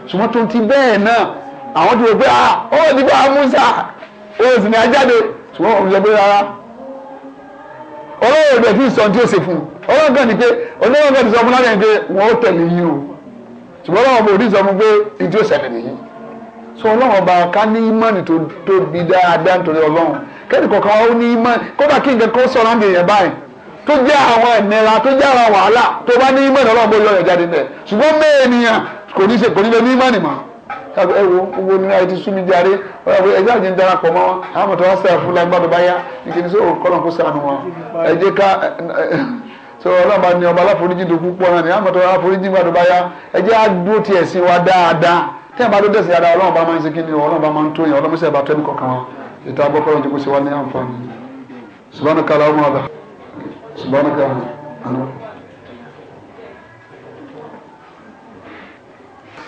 ṣùgbọ́n tó ti bẹ́ẹ̀ náà àwọn tó rò pé ah ó ti bọ̀ wá ó sì ní ajáde ṣùgbọ́n òun ọlọ́run ìbẹ̀ tí sọ tí ó ṣe fún ọlọ́run kan ní pé ọlọ́run kan ti sọ fún lábẹ́ pé wọ́n ó tẹ̀lé yín o ṣùgbọ́n ọlọ́run kò ní sọ fún pé ní tí ó ṣẹlẹ̀ nìyí so ọlọ́run ọba ká ní ìmọ̀nì tó tóbi dáadáa nítorí ọlọ́run kẹ́ni kọ̀ọ̀kan ó ní ìmọ̀nì kódà kí nǹkan kan sọ̀rọ̀ àǹdè yẹn báyìí tó jẹ́ àwọn ìnira tó jẹ́ àwọn wàhálà tó bá ní ìmọ̀nì ọlọ́run bó yọ jáde nẹ̀ ṣùgbọ́n mẹ́ẹ̀ẹ́niyàn kò ní ṣe kò ní lọ ní ìmọ̀nì mọ́ káàbọ ẹwọ owó ní ayé ti sún mi jáde ọ̀rọ̀ àbúrò ẹjọ́ àjẹ́ ń darapọ̀ mọ́ wọn àwọn mọ̀tò wọn sẹ́yà fún lágbàdo báyà ìkíni sọ kọ́lọ̀ kó sànù wọn ẹ jẹ́ ká sọ ọlọ́ba ni ọba aláforíjì tó púpọ̀ náà ni àwọn mọ̀tò aláforíjì gbàdo báyà ẹ jẹ́ àdúró tiẹ̀ sí wa dáadáa tẹ́ ẹ bá dó tẹ̀sí ara ọlọ́run bá máa ń ṣe kí ni ọlọ́run bá máa ń tó yẹn ọlọ́run sẹ́yà bá tẹ́nu kọ̀ọ̀kan wa ètò àgbọ̀kọ́rọ̀ jẹ́ kó ṣe wá ní àǹfààní subhanaka allahumma wa bihamdika subhanaka allahumma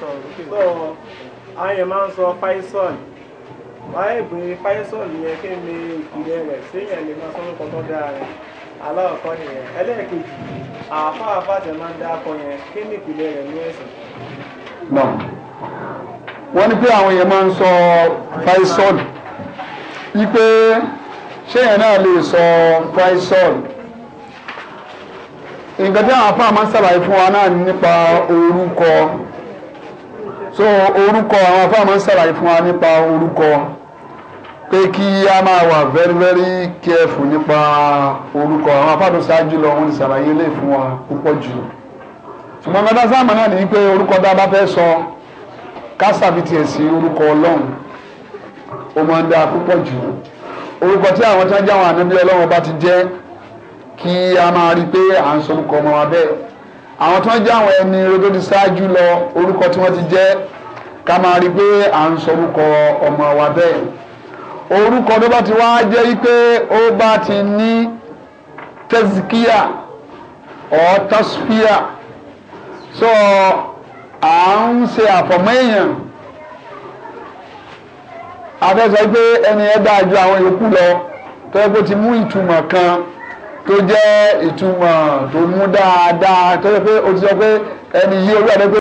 So, àwọn ma máa ń sọ python wáyé gbé python ni ìpìlẹ̀ rẹ̀ séèyàn lè máa sọ́nù kan tó dáa rẹ̀ aláwọ̀kọ́ nìyẹn ẹlẹ́ẹ̀kejì ni ìpìlẹ̀ rẹ̀ ní wọ́n ní pé àwọn yẹn máa ń sọ ipe wípé séèyàn náà lè sọ python nǹkan tí àwọn afáàmọ́ sàlàyé fún wa náà nípa orúkọ. so orúkọ àwọn afá máa ń ṣàlàyé fún wa nípa orúkọ pé kí a máa wà very very careful nípa orúkọ àwọn afá tó ṣáájú lọ wọn ti ṣàlàyé lè fún wa púpọ̀ jù ṣùgbọ́n gbọ́dá sáàmù náà ní pé orúkọ tá a bá fẹ́ sọ ká ṣàfitì ẹ̀ sí orúkọ ọlọ́run ó máa ń dáa púpọ̀ jù orúkọ tí àwọn tí wọ́n jẹ́ àwọn ànábí ọlọ́run bá ti jẹ́ kí a máa rí i pé à ń sọ orúkọ ọmọ wa bẹ́ẹ̀ àwọn tó ń jẹ́ àwọn ẹni tó ti ṣáájú lọ orúkọ tí wọ́n ti jẹ́ ká máa rí i pé à ń sọ ọmọ wa bẹ́ẹ̀ orúkọ tó bá ti wá jẹ́ pé ó bá ti ní tẹ́síkíà ọ̀ tásífíà so à ń ṣe àfọ̀mọ́ èèyàn afẹ́sọ pé ẹni ẹ dáa ju àwọn yòókù lọ tó yẹ kó ti mú ìtumọ̀ kan tó jẹ́ ìtumọ̀ tó mú dáadáa tó yẹ pé o ti sọ pé ẹni yí orí àdé pé